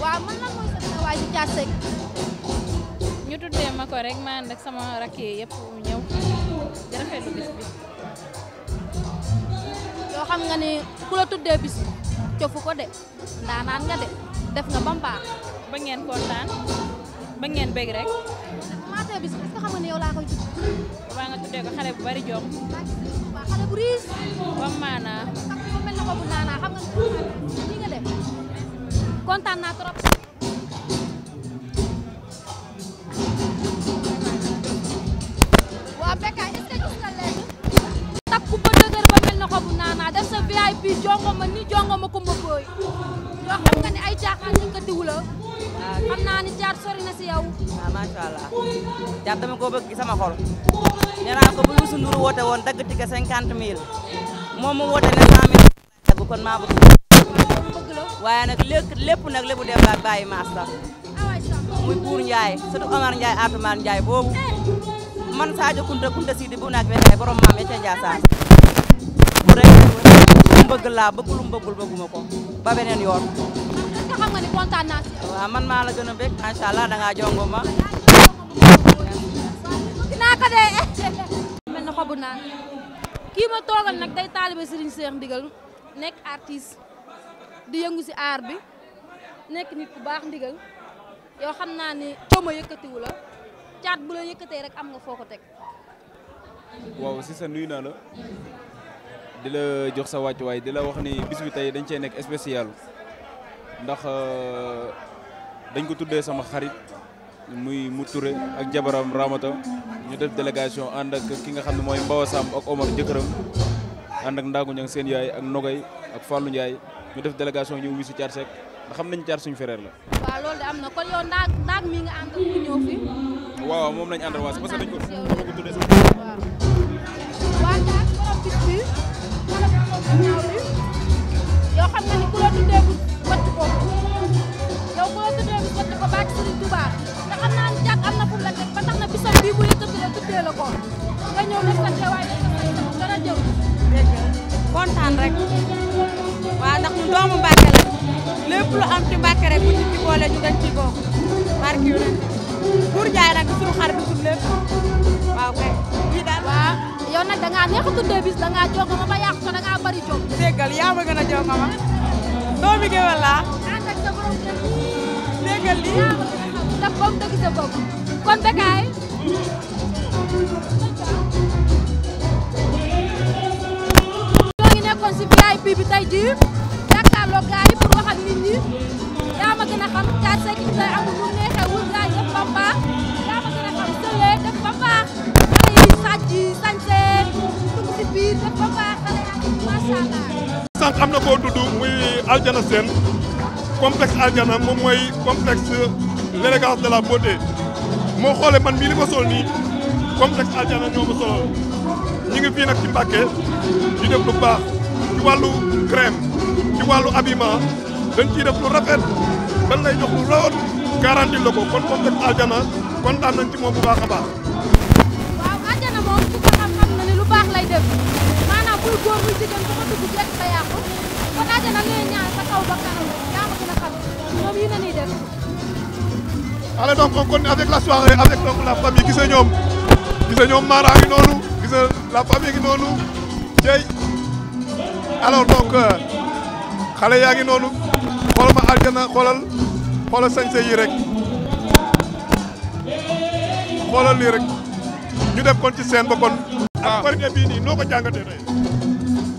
waaw man lan mooy sa waay ci caat sekk ñu tuddee ma ko rek ma ànd sama rakk yëpp ñëw di rafetlu bis yoo xam nga ni ku la tuddee bis de ndaanaan nga de def nga ba mu ngeen kontaan ba ngeen bég rek maatee bis est-ce que nga ni yow laa koy tudd waa nga tuddee ko xale na ko bu naanaa xobu naanaa def sa VIP jongo ni jongo ma ko yoo xam nga ne ay caaxaan ñu ko ah. xam naa ni caat sori na si yow ah, allah caat dama koo bëgg sama xol nee naa bu Youssou Ndour woote woon dagg tike cinquante mille moom woote ne cent mille kon maa bëgg waaye nag lépp nag lépp def laa bàyyi maas la ah, muy Buur Ndiaye surtout Omar Ndiaye Atoumane Ndiaye boobu eh. man Sadio Kunta Kunta Sidi bu naak wexee borom maam ya ca Ndiassane jàpp rek lu bëgg laa bëgg lu bëggul bëgguma ko ba beneen yoon. est xam nga ni kontaan naa si. waaw man maa la gën a bëgg macha allah da ngaa kii ma toogal nag day taalibe Serigne Cheikh Ndigal nekk artiste di yëngu si aar bi nekk nit ku baax Ndigal yow xam naa ni coow ma yëkkatiwu la caat bu la yëkkatee rek am nga foo ko teg. waaw si sa nuyu naa la. di la jox sa wàccuwaay di la wax ni bis bi tey dañ cee nekk spécial ndax euh, dañ ko tuddee sama xarit muy mu ak jabaram Ramata ñu def délégation ànd ak ki nga xam ne mooy Mbawa Samb ak Omar jëkkëram ànd ak Ndaagu Ñang seen yaay ak Nogay ak Fallou Ndiaye ñu def délégation ñëw wi si Thiar ndax xam nañ Thiar suñu frère la. waaw loolu de am na kon yow ndaag ndaag mi nga àndal mu ñëw fi. waaw moom lañ àndal waas parce que dañ dañ ko tuddee sama. yoo xam nga ni ku la tuddee bu bëtt ko yow ku la tuddee bu bëtt ko am na fu la teg ba na bisam bii bu la tëddee tuddee la ko nga ñëw def sa teewaay dara jëw rek waaw ndax ñu doomu Mbàkke la lépp am ci Mbàkke rek bu ñu ci boole ñu yu rek Buur Njaay nag suñu xar bi suñu lépp waaw kay lii yow nag da ngaa neex a tuddee bis da ngaa jox ma ba yàqu ko da ngaa bëri jóg. déggal yaa ma gën a jox ma ma. doomi géwél laa. ànd ak sa borom kër yi. déggal lii yaa ma gën a xam ndax boobu dëgg sa bopp kon Bécaye. ñoo ngi nekkoon si VIP bi tey jii jàkkaarloo gars yi pour wax ak nit ñi yaa ma gën a xam Thiat Seck day amul lu neexee wul gars yi yëpp xàjji am na koo dudd muy Aljana Sène complexe Aljana moom mooy complexe l'élégance de la beauté moo xoolee man mii li ma sol nii complexe Aljana ñoo ma ñi ngi fii nag ci Mbàkke di def lu baax ci wàllu crème ci wàllu habillement dañ ciy def lu rafet dañ lay jox garanti la ko kon complexe Aljana kontaan nañ ci moom bu baax a baax. def maanaam góor muy jigéen ba ko dugg rek sa kon àjjana lay ñaan sa kaw ba kanam yaa ma gën a xam ñoom yi na ñuy def. alors donc on continue avec la soirée avec donc la famille gis nga ñoom gis nga ñoom Mara la famille ngi noonu Dieye alors donc euh, yaa ngi noonu xoolal ma àjjana xoolal xoolal yi rek xoolal lii rek ñu def kon ci seen ba Ah. ak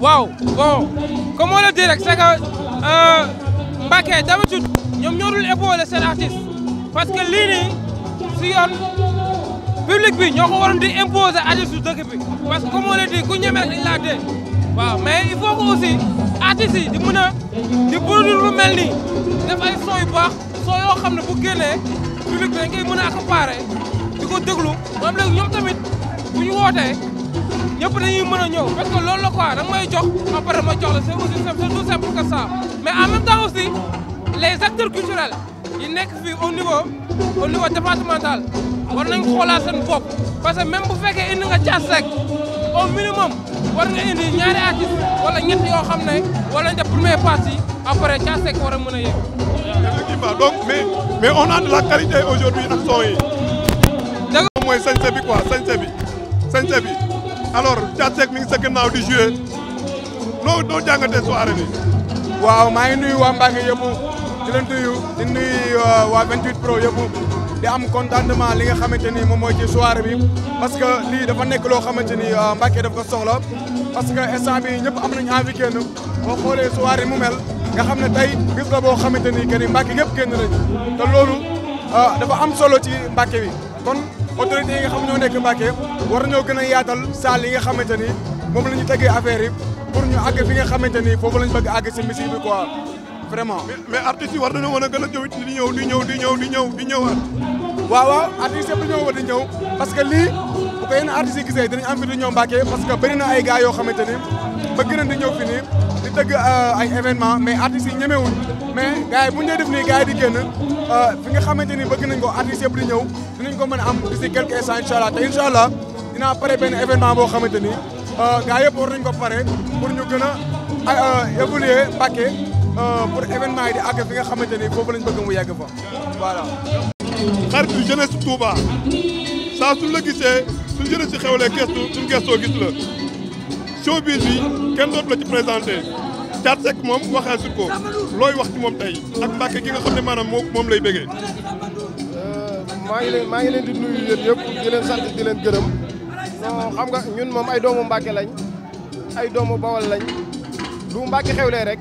waaw bon comme on le dit rek c'est que euh, Mbacké d'habitude ñoom ñoo dul épauler seen artiste parce que lii nii di dëkk bi parce que comme ku ñeme rek dañ dee waaw mais il faut que aussi di mën di produire lu mel nii def ay son yu baax son ne bu bi dañ koy mën a di ko déglu moom léegi ñoom tamit bu ñu ñëpp dañuy mën a ñëw parce que loolu la quoi da nga may ma jox la c'est aussi c'est tout simple que ça mais en même temps aussi les acteurs yi nekk fii au niveau au niveau départemental war nañ xoolaat seen bopp parce que même bu fekkee indi nga caas rek minimum war nga indi ñaari artistes wala ñett yoo xam ne wala nga première partie après caas rek war a mën a yegg. effectivement donc mais mais on a de la qualité mooy sañse bi quoi sañse bi. alors Thiat Seck mi ngi sa gannaaw di joué noo noo jàngatee soirée bi. waaw maa ngi nuyu waa Mbacké yëpp di leen nuyu di nuyu euh, waa 28 pro yëpp di am contentement li nga xamante ni moom mooy ci soirée bi parce que lii dafa nekk loo xamante ni euh, Mbacké daf ko soxla parce que instant bi ñëpp am nañu envie kenn boo xoolee soirée mu mel nga xam ne tey gis la boo xamante ni que ni Mbacké yëpp kenn lañu te loolu euh, dafa am solo ci Mbacké bi. kon autorités yi nga xam ñoo nekk Mbacké war nañoo gën a yaatal salle nga xamante ni moom la ñu tegee affaire yi pour ñu àgg fi nga xamante ni foofu la ñu bëgg àgg si musique bi quoi vraiment. mais artistes war nañoo mën a gën a jëw di ñëw di ñëw di ñëw di ñëw di ñëwaat. waaw waaw artistes yi di ñëw parce que lii. ko yenn artistes yi gisee dinañ am fi di ñëw Mbacke parce que bëri ay gars yoo xamante ni bëgg nañ di ñëw fi tëgg euh, ay événement mais artistes yi ñemewuñ mais gars yi bu ñu dee def nii gars yi di génn euh, fi nga xamante ni bëgg nañ ko artistes yëpp di ñëw dinañ ko mën am d'ici quelques instants incha allah te incha allah dinaa pare benn événement boo xamante ni euh, gars yëpp war nañ ko pare pour ñu gën a évoluer Mbacke pour événement yi di àgg fi nga xamante ni foofu lañ bëgg mu yegg fa voilà. xaritu jeunesse Touba saa la gisee. su jëlee si xewlee gestu suñu gestoo gis la showbiz yi kenn dootu la ci présenté Thiat Seck moom waxee su ko looy wax ci moom tey ak Mbàkke gi nga xam ne maanaam moom lay bëggee. Euh, maa ngi leen maa ngi leen di nuyu yéen yëpp di leen sant di leen gërëm non xam nga ñun moom ay doomu Mbàkke lañ ay doomu Bawol lañ du Mbàkke xewlee rek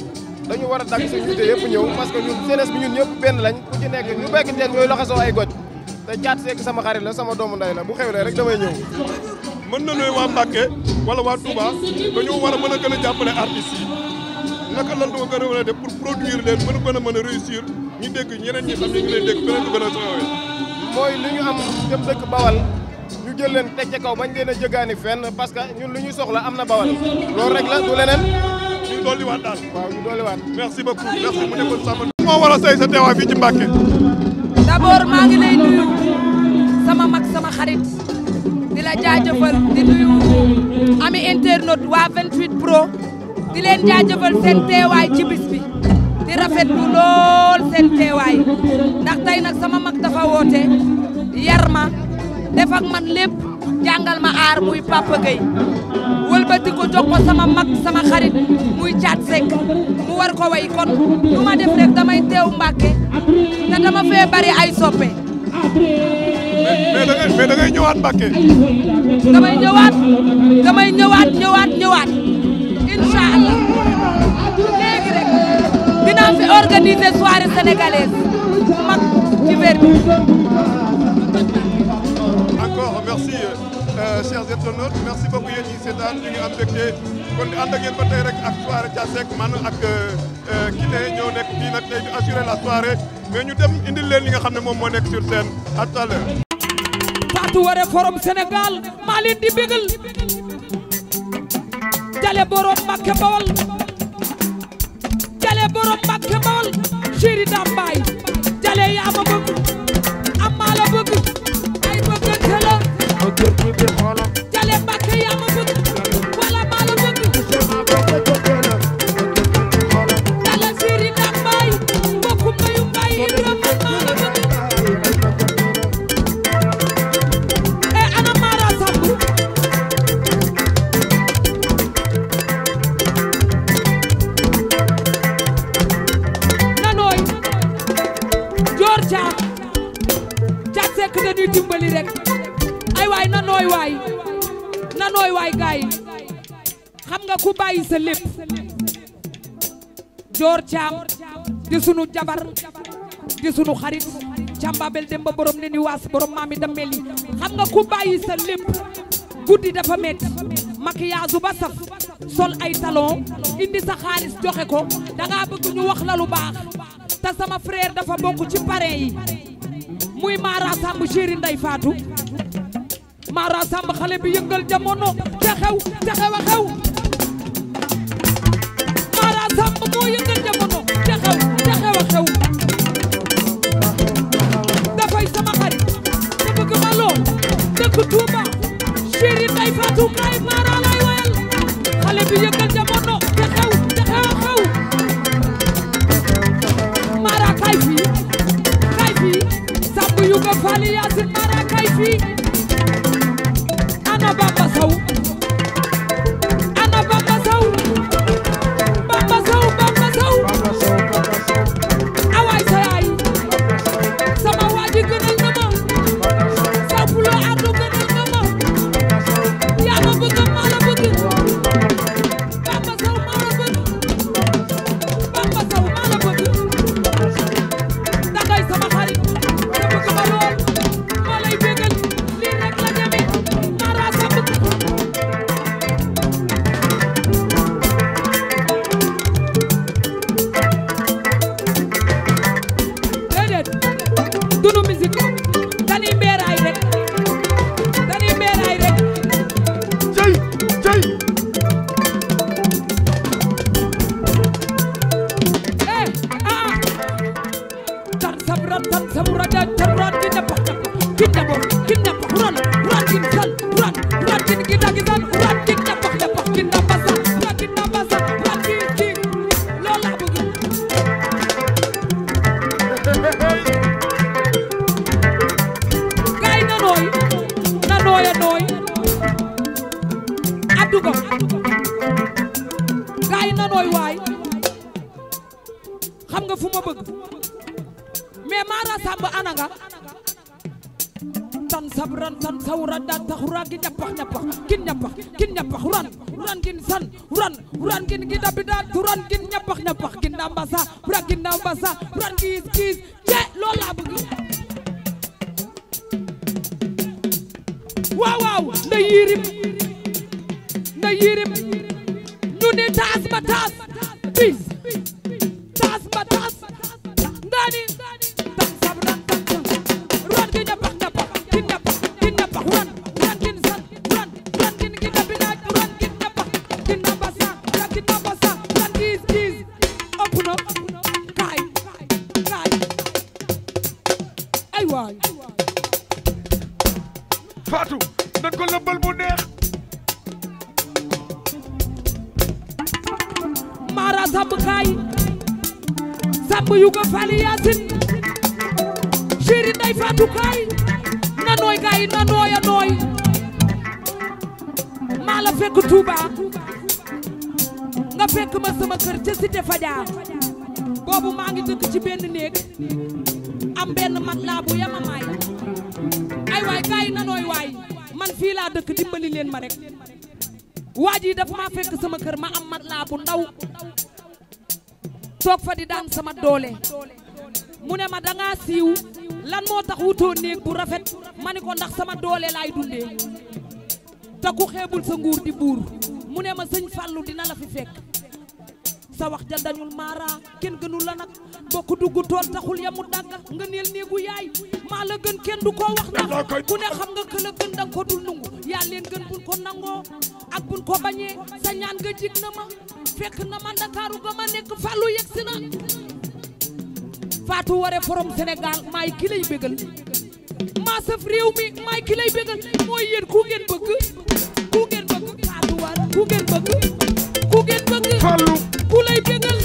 dañu war a dagg suñu yite yëpp ñëw parce que ñun jeunesse ñëpp benn lañ ku ci nekk ñu bekk teen ñooy loxo soo ay goj te caat sekk sama xarit la sama doomu nday la bu xewlee rek damay ñëw. mën na nuyu waa Mbacke wala waa Touba dañoo war a mën a gën a jàppale artistes yi naka lan doo gën a mën a def pour produire leen mën a gën a mën a réussir ñu dégg ñeneen ñi xam ne ñu lay dégg beneen bi gën a soxla mooy li ñu am dem dëkk Bawal ñu jël leen teg ca kaw bañ leen a jëgaani fenn parce que ñun lu ñu soxla am na Bawal loolu rek la du leneen. ñu dolliwaat daal waaw ñu dolliwaat. merci a sey sa teewaay fii ci Mbacke. sama mag sama xarit di la jaajëfal di nuyu ami internaute waa 28 pro di leen seen teewaay ci bis bi di rafetlu lool seen teewaay ndax tey nag sama mag dafa woote yar ma def ak man lépp jàngal ma aar muy Papa Gueye jox ko sama mag sama xarit muy caat sekk mu war ko way kon lu def rek damay teew Mbàkke te dama fee bari ay soppe mais da ngay mais ñëwaat Mbacke. damay ñëwaat damay ñëwaat ñëwaat ñëwaat incha allah léegi rek dinaa fi organiser soirée sénégalaise mag ci weer encore merci euh, euh, chers internautes merci beaucoup yéen ñi seetaan ñu ngi kon di ànd ak yéen ba tey rek ak soirée Thiassec man ak euh, euh, ki ne ñoo nekk fii nag tey assurer la soirée mais ñu dem indil leen li nga xam ne moom moo nekk sur scène à tout Fatou Waré forum Sénégal maa leen di bégal Jale borom Mbakke Bawol Jale borom Mbakke Bawol chéri Dame Mbaye Jale yaa Dior Thiam di sunu jabar di sunu xarit càmbaabel dem ba borom ne ni waas borom maami dammel xam nga ku bàyyi sa lépp guddi dafa metti maquillage ba saf sol ay talon indi sa xaalis joxe ko danga bëgg ñu wax la lu baax te sama frère dafa bokk ci parrain yi muy Mara Samb chéri Ndey Fatou Mara xale bi yëngal jamono te xew bu Tuuba chéri Ndeye Fatou Ndeye a lay wayal xale bi yëgal jamono te xew te xew a xew Mara kay fii kay fii Samb yu waaw nda yirim nda yirim taas ba taas bis kër boobu maa ngi dëkk ci benn néeg am benn mat laa bu yamamaay ay waay kaay na waay man fii laa dëkk dimbali leen ma rek waa ji dafa maa fekk sama kër ma am mat laa bu ndaw toog fa di daan sama doole mu ne ma dangaa siiw lan moo tax wutoo néeg bu rafet ma ni ko ndax sama doole laay dundee te ku xeebul di buur mu ne ma sëñ Fallou dina la fi sa wax ja dañul maara kenn gënu la nag bokk dugg tool taxul ya mu dagg nga neel néegu yaay maa la gën kenn du ko wax na ku ne xam nga këla gën danga ko dul nungu yaa leen gën buñ ko nangoo ak buñ ko bañee sa ñaan nga jig na ma fekk na ma ndakaaru ga ma nekk fàllu yegsi na Fatou Waré forom Sénégal maay ki lay bégal maa saf réew mi maay ki lay bégal mooy yéen ku ngeen bëgg ku ngeen bëgg ngeen bëgg. Fallou ku lay bëggal.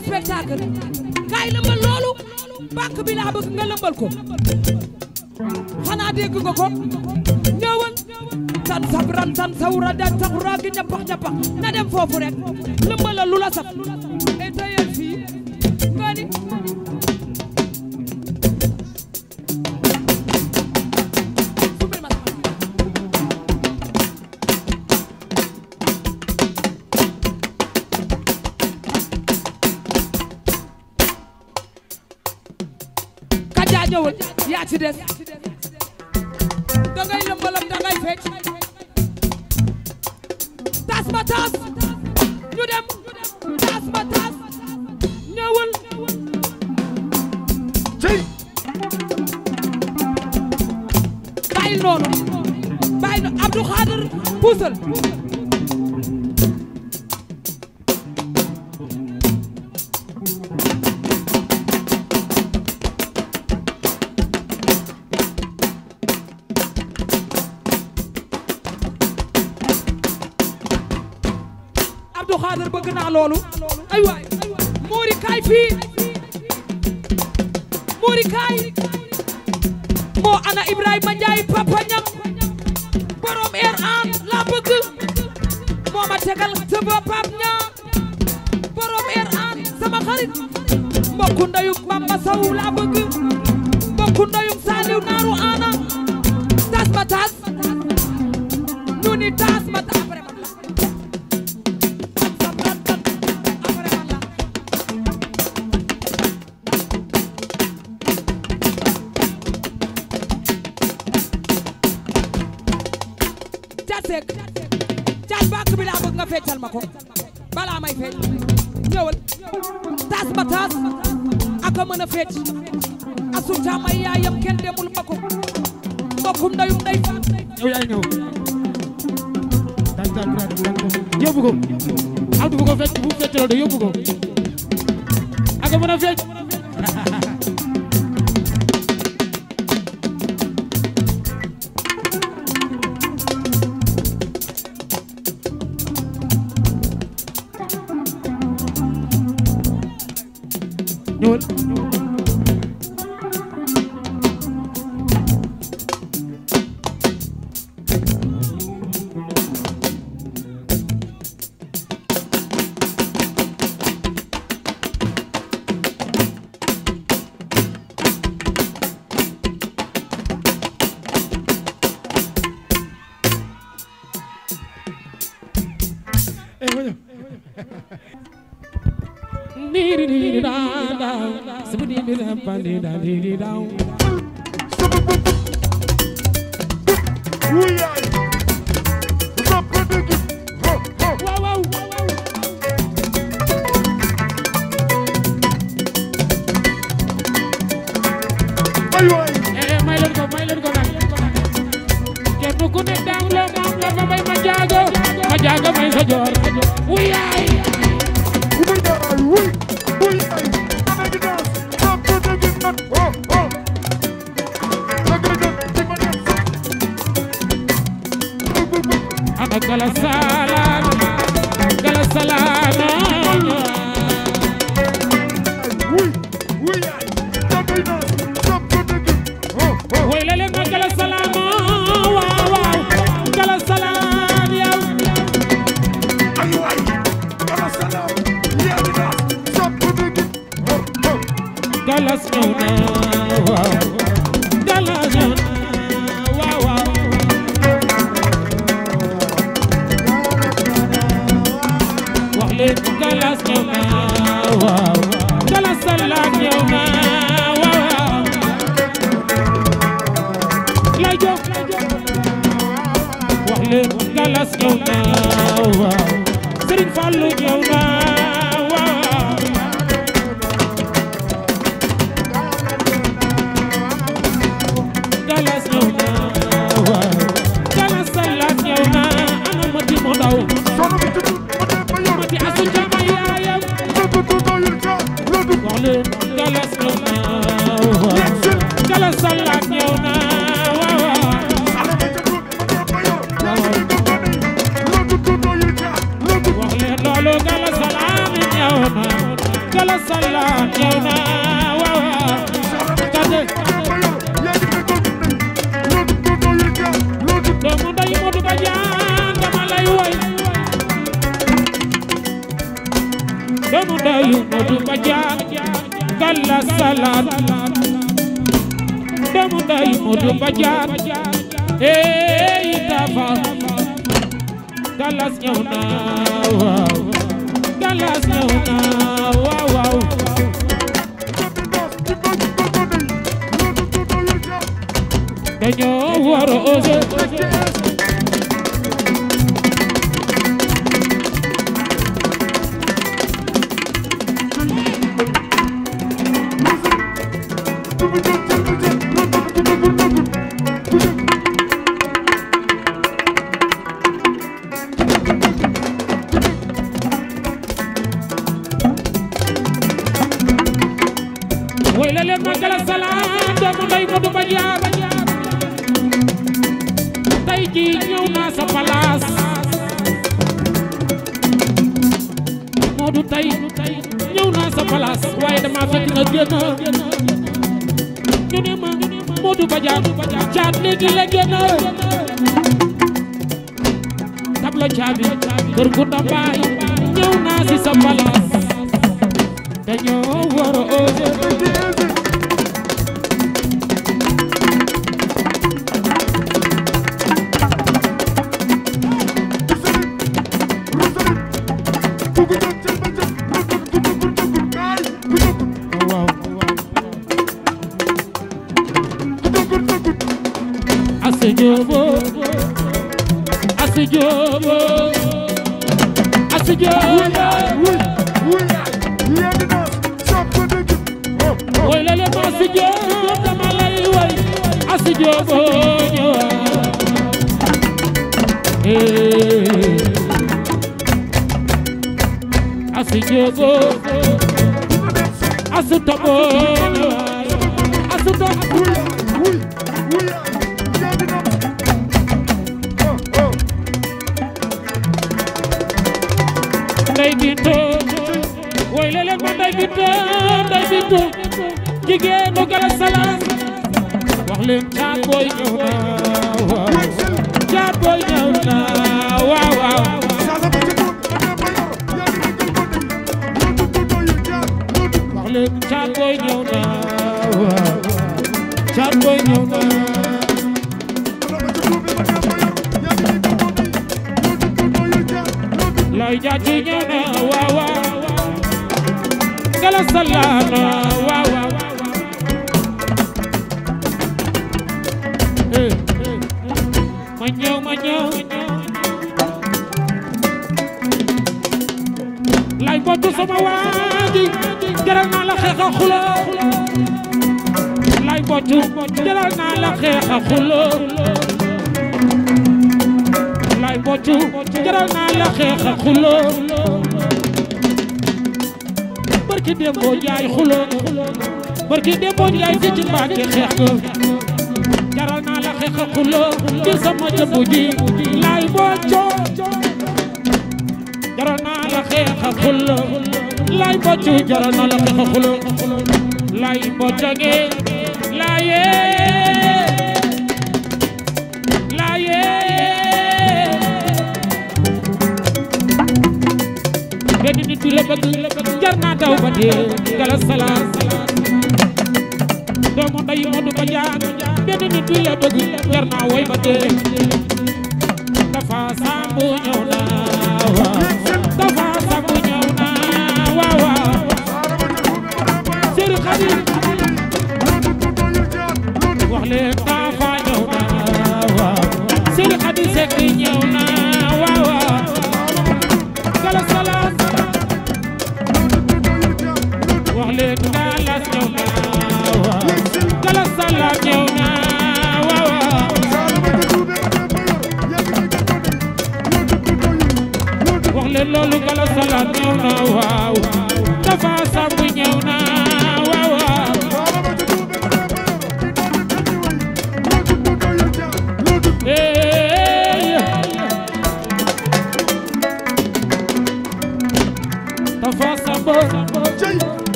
spectacle kaay lëmbal loolu banque bi bëgg nga lëmbal ko xanaa dégg nga ko ñëwal tan sabran tan sawra dan saxura gi ñapax na dem foofu rek lëmbalal lu la saf e fii fi des Kajoor Diobo Asi Diobo Asi Diobo Woy la le ma Asi Diobo dama lay woy Asi Diobo ñëwa Asi Diobo Asi Diobo jigéenu Gala Salaam wax leen caat booy ñëw na waaw caat booy ñëw na waaw waaw wax leen caat booy ñëw na waaw caat booy ñëw na lay jaati ñëw na waaw waaw Gala Salaam waaw waaw ma lay bootu sama waadi jaral naa la xeex a xulo lay bootu jaral naa la xeex a xulo yaay xulo dàq xuloo ci sama jëmbu ji laay boo coo jaral naa la xeex a xuloo laay boo cu jaral naa la xeex a xuloo laay boo jogee laayee laayee benn nit la bëgg jar naa daw ba dee gala salaam doomu nday moo du ko jaan benn nit du la bëgg jar naa woy ba dee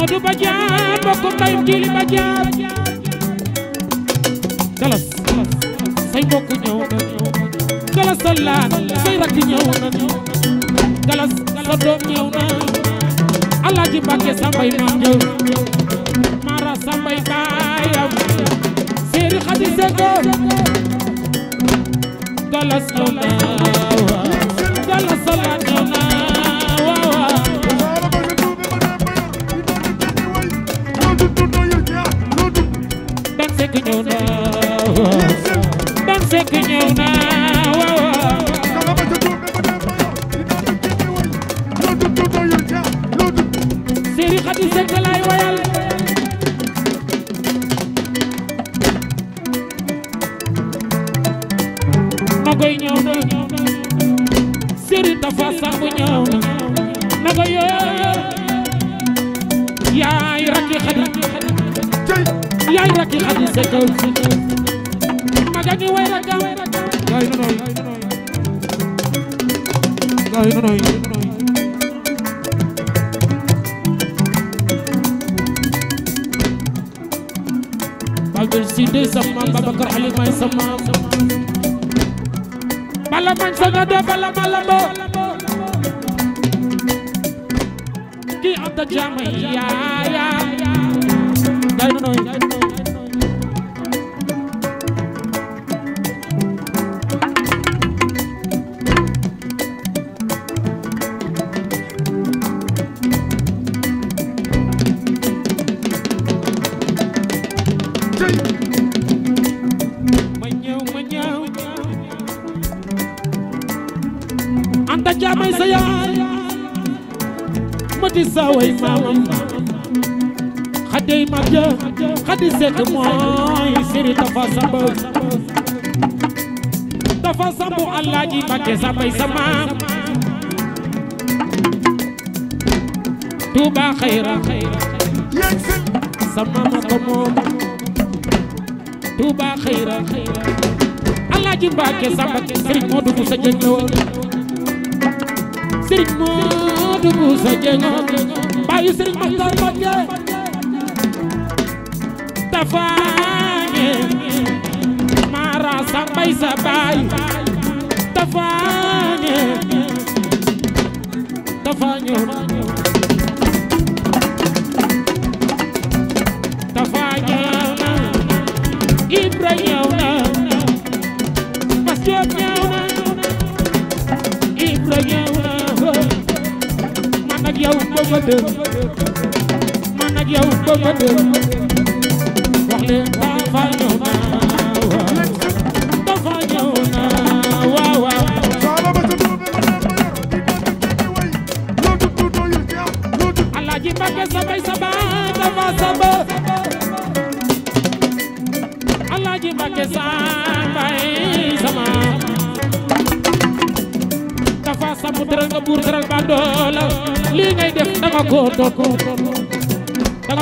Modou Badiane mbokkum ndeyum Jili Badiane galas say mbokk ñëw nañu galas sa laan say rakk ñëw nañu galas sa doom ñëw na Alaaji Mbàkke Sambay maam ñëw Mara Sambay baayam Séeri Xadi Sego galas ñëw na que ñëw naa yaa di sekk mooy sëriñ Tafa Samb Tafa Samb Alaaji Mbàkke sa bay sa maam Tuuba xayra sa maama ko tafaange mara sa mbay sa baay tafaange tafaange tafaange na ibra ñëw na mas joob ñëw na ibra ñëw na man ak yow bëgg dëgg man ak yow danga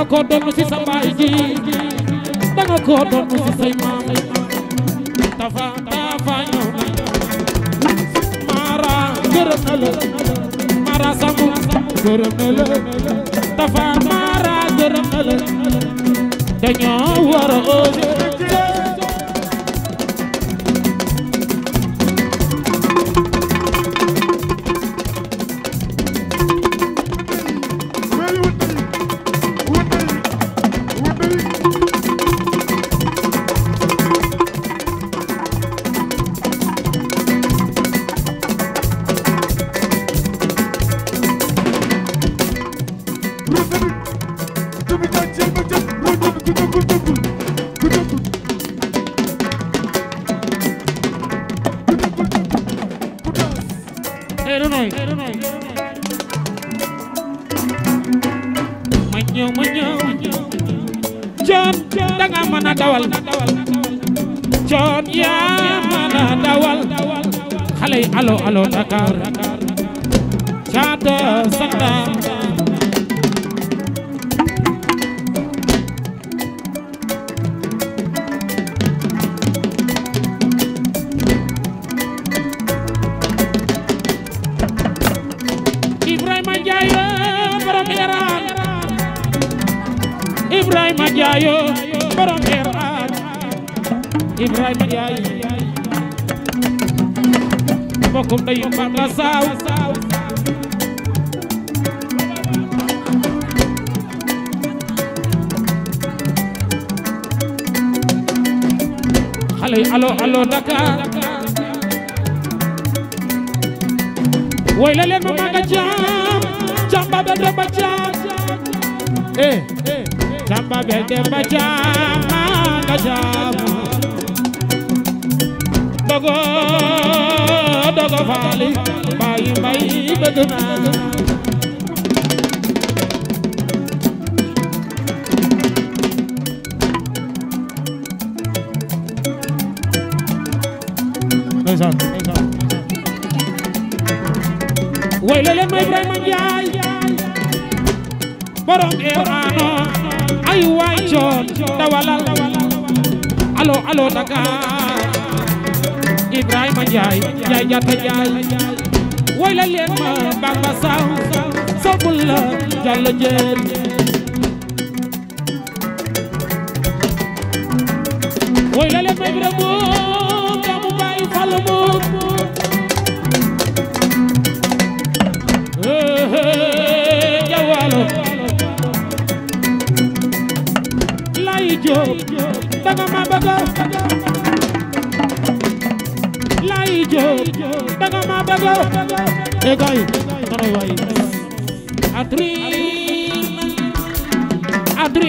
ko doon ci sa baay ji danga ko doon ci say maam tafa tafa ñëw na mara gërëm na la mara samu gërëm na la tafa mara gërëm na la dañoo war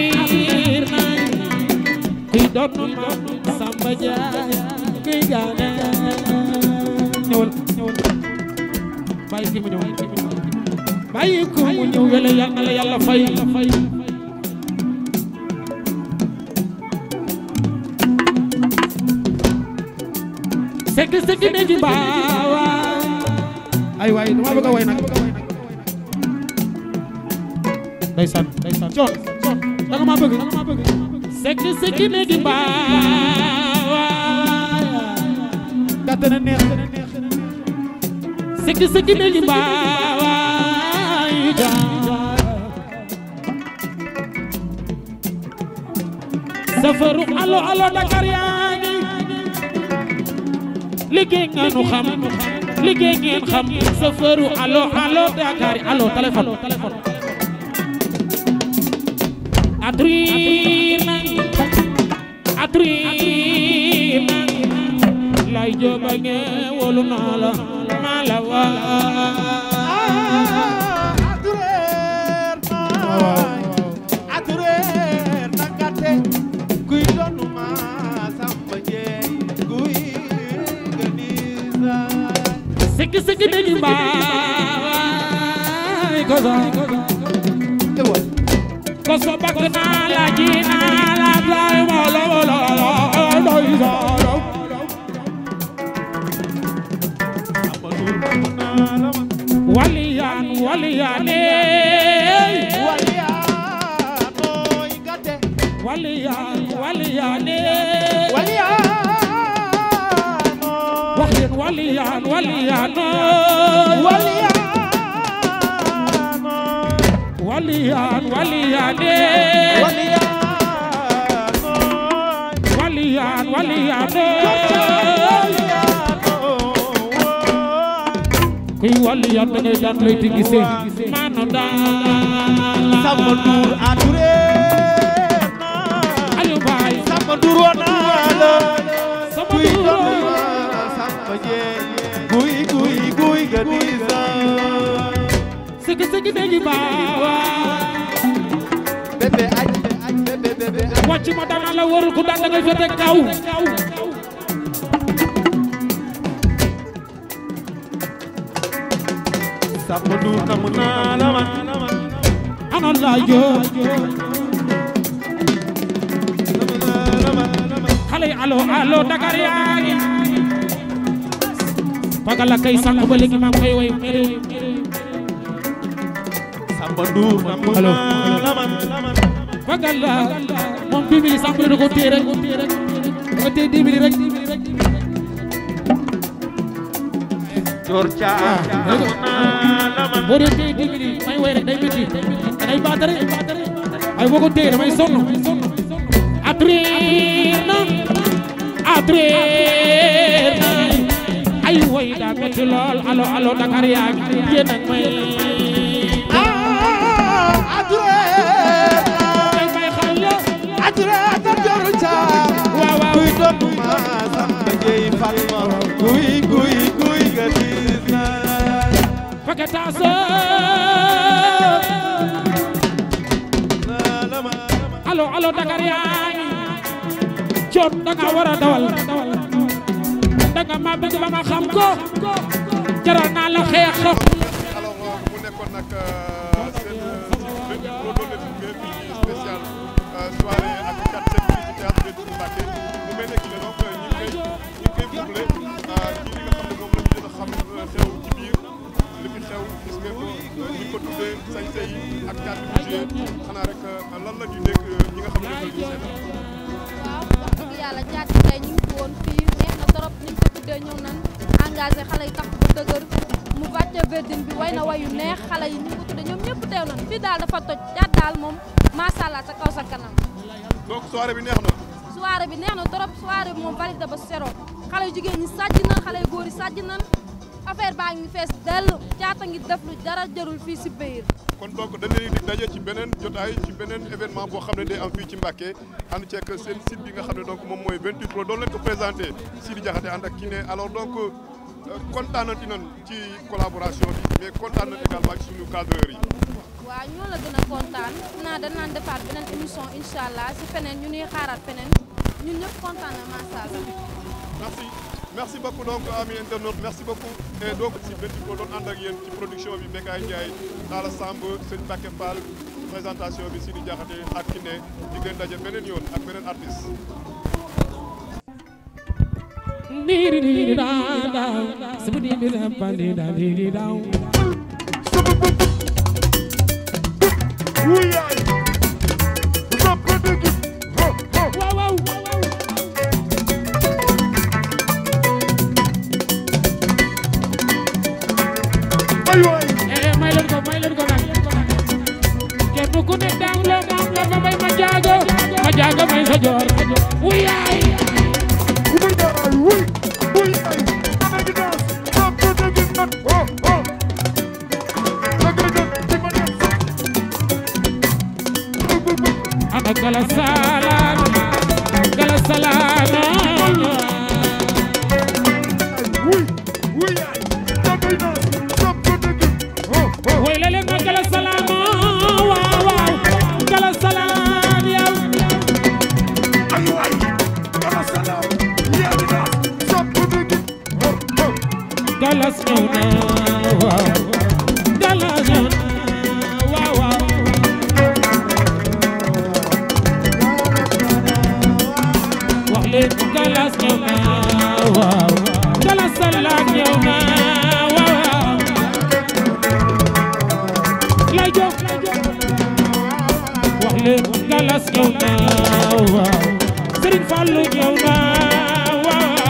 biir nañ kuy maam Samba Njaay kuy gaane ñëwal ñëwal bàyyi kii mu ñëw mu ñëw wele yal na la yàlla fay sekk sekk ne ji baawa ay waay dama bëgg a nag ndeysaan danga ma bëgg sekki sekki ne di mbaawaay ka dana neex sekki sekki ne di mbaawaay safaru alo alo Dakar yaa ngi liggéey nga nu xam liggéey ngeen xam safaru alo alo Dakar alo téléphone Jóob a nge wolu naa la naa la waa ah, ah, ah, gisee aajo xale yi allo allo Dakar yaa ngi Pakala kay sànq ba léegi maa ngi koy woy mere Samba Ndour allo Pakala moom bii mili sànq la ko téye rek ko téye dix mille rek Georgia ah, boo dee téye dix mille may woy rek day métti ay batare ay boo ko téye damay sonn atrir na atrir na ay woy daa metti lool alo alo Dakar yaa yéen ak may ah, Pakataso alo Dakar yaa ngi coot war a dawal danga ma bëgg ba ma xam ko jaral naa la xeex alors euh, mu nekkoon nag euh, seen euh, benn loolu la bi spécial soirée ak mu mel ne ki donc ñu ngi koy ñu ngi koy doublé ci li nga a xew ci li fi xew gis nga ñu ko tuddee sañse yi ak carte yi xanaa rek euh, lan la ñuy euh, ñi nga xam ne ñu seet waaw wax dëgg yàlla ko tuddee ñëw nan engagé xale yi tax bu dëgër mu bàcce verdine bi way na wayu neex xale yi ñu ko tuddee ñoom ñëpp teew nan fii daal dafa toj caat daal moom macha sa kaw sa kanam donc bi neex na soirée bi neex na trop soirée bi moom valide ba sero xale yu jigéen ñi sàjj nan xale yu góor yi sàjj nan affaire baa ngi fees dell caata ngi def lu dara jërul fii si biir. kon donc dañ leen di daje ci beneen jotaay ci beneen événement boo xam ne day am fii ci Mbacké ànd ceeg seen site bi nga xam ne donc moom mooy 28 Pro doon leen ko présenté Sidi Diakhaté ànd ak Kiné alors donc euh, kontaanati nañ ci collaboration bi mais kontaan nañ également naan defaat beneen émission incha allah feneen ñu ñuy xaaraat feneen ñun ñëpp kontaan na macha merci. merci beaucoup donc ami internaute merci beaucoup et donc si benn ko doon ànd ak yéen ci production bi Bécaye Ndiaye Talla Samb sëñ Mbacke Fall présentation bi Sidi Diakhaté ak Kiné di ngeen daje beneen yoon ak beneen artiste. Kajoor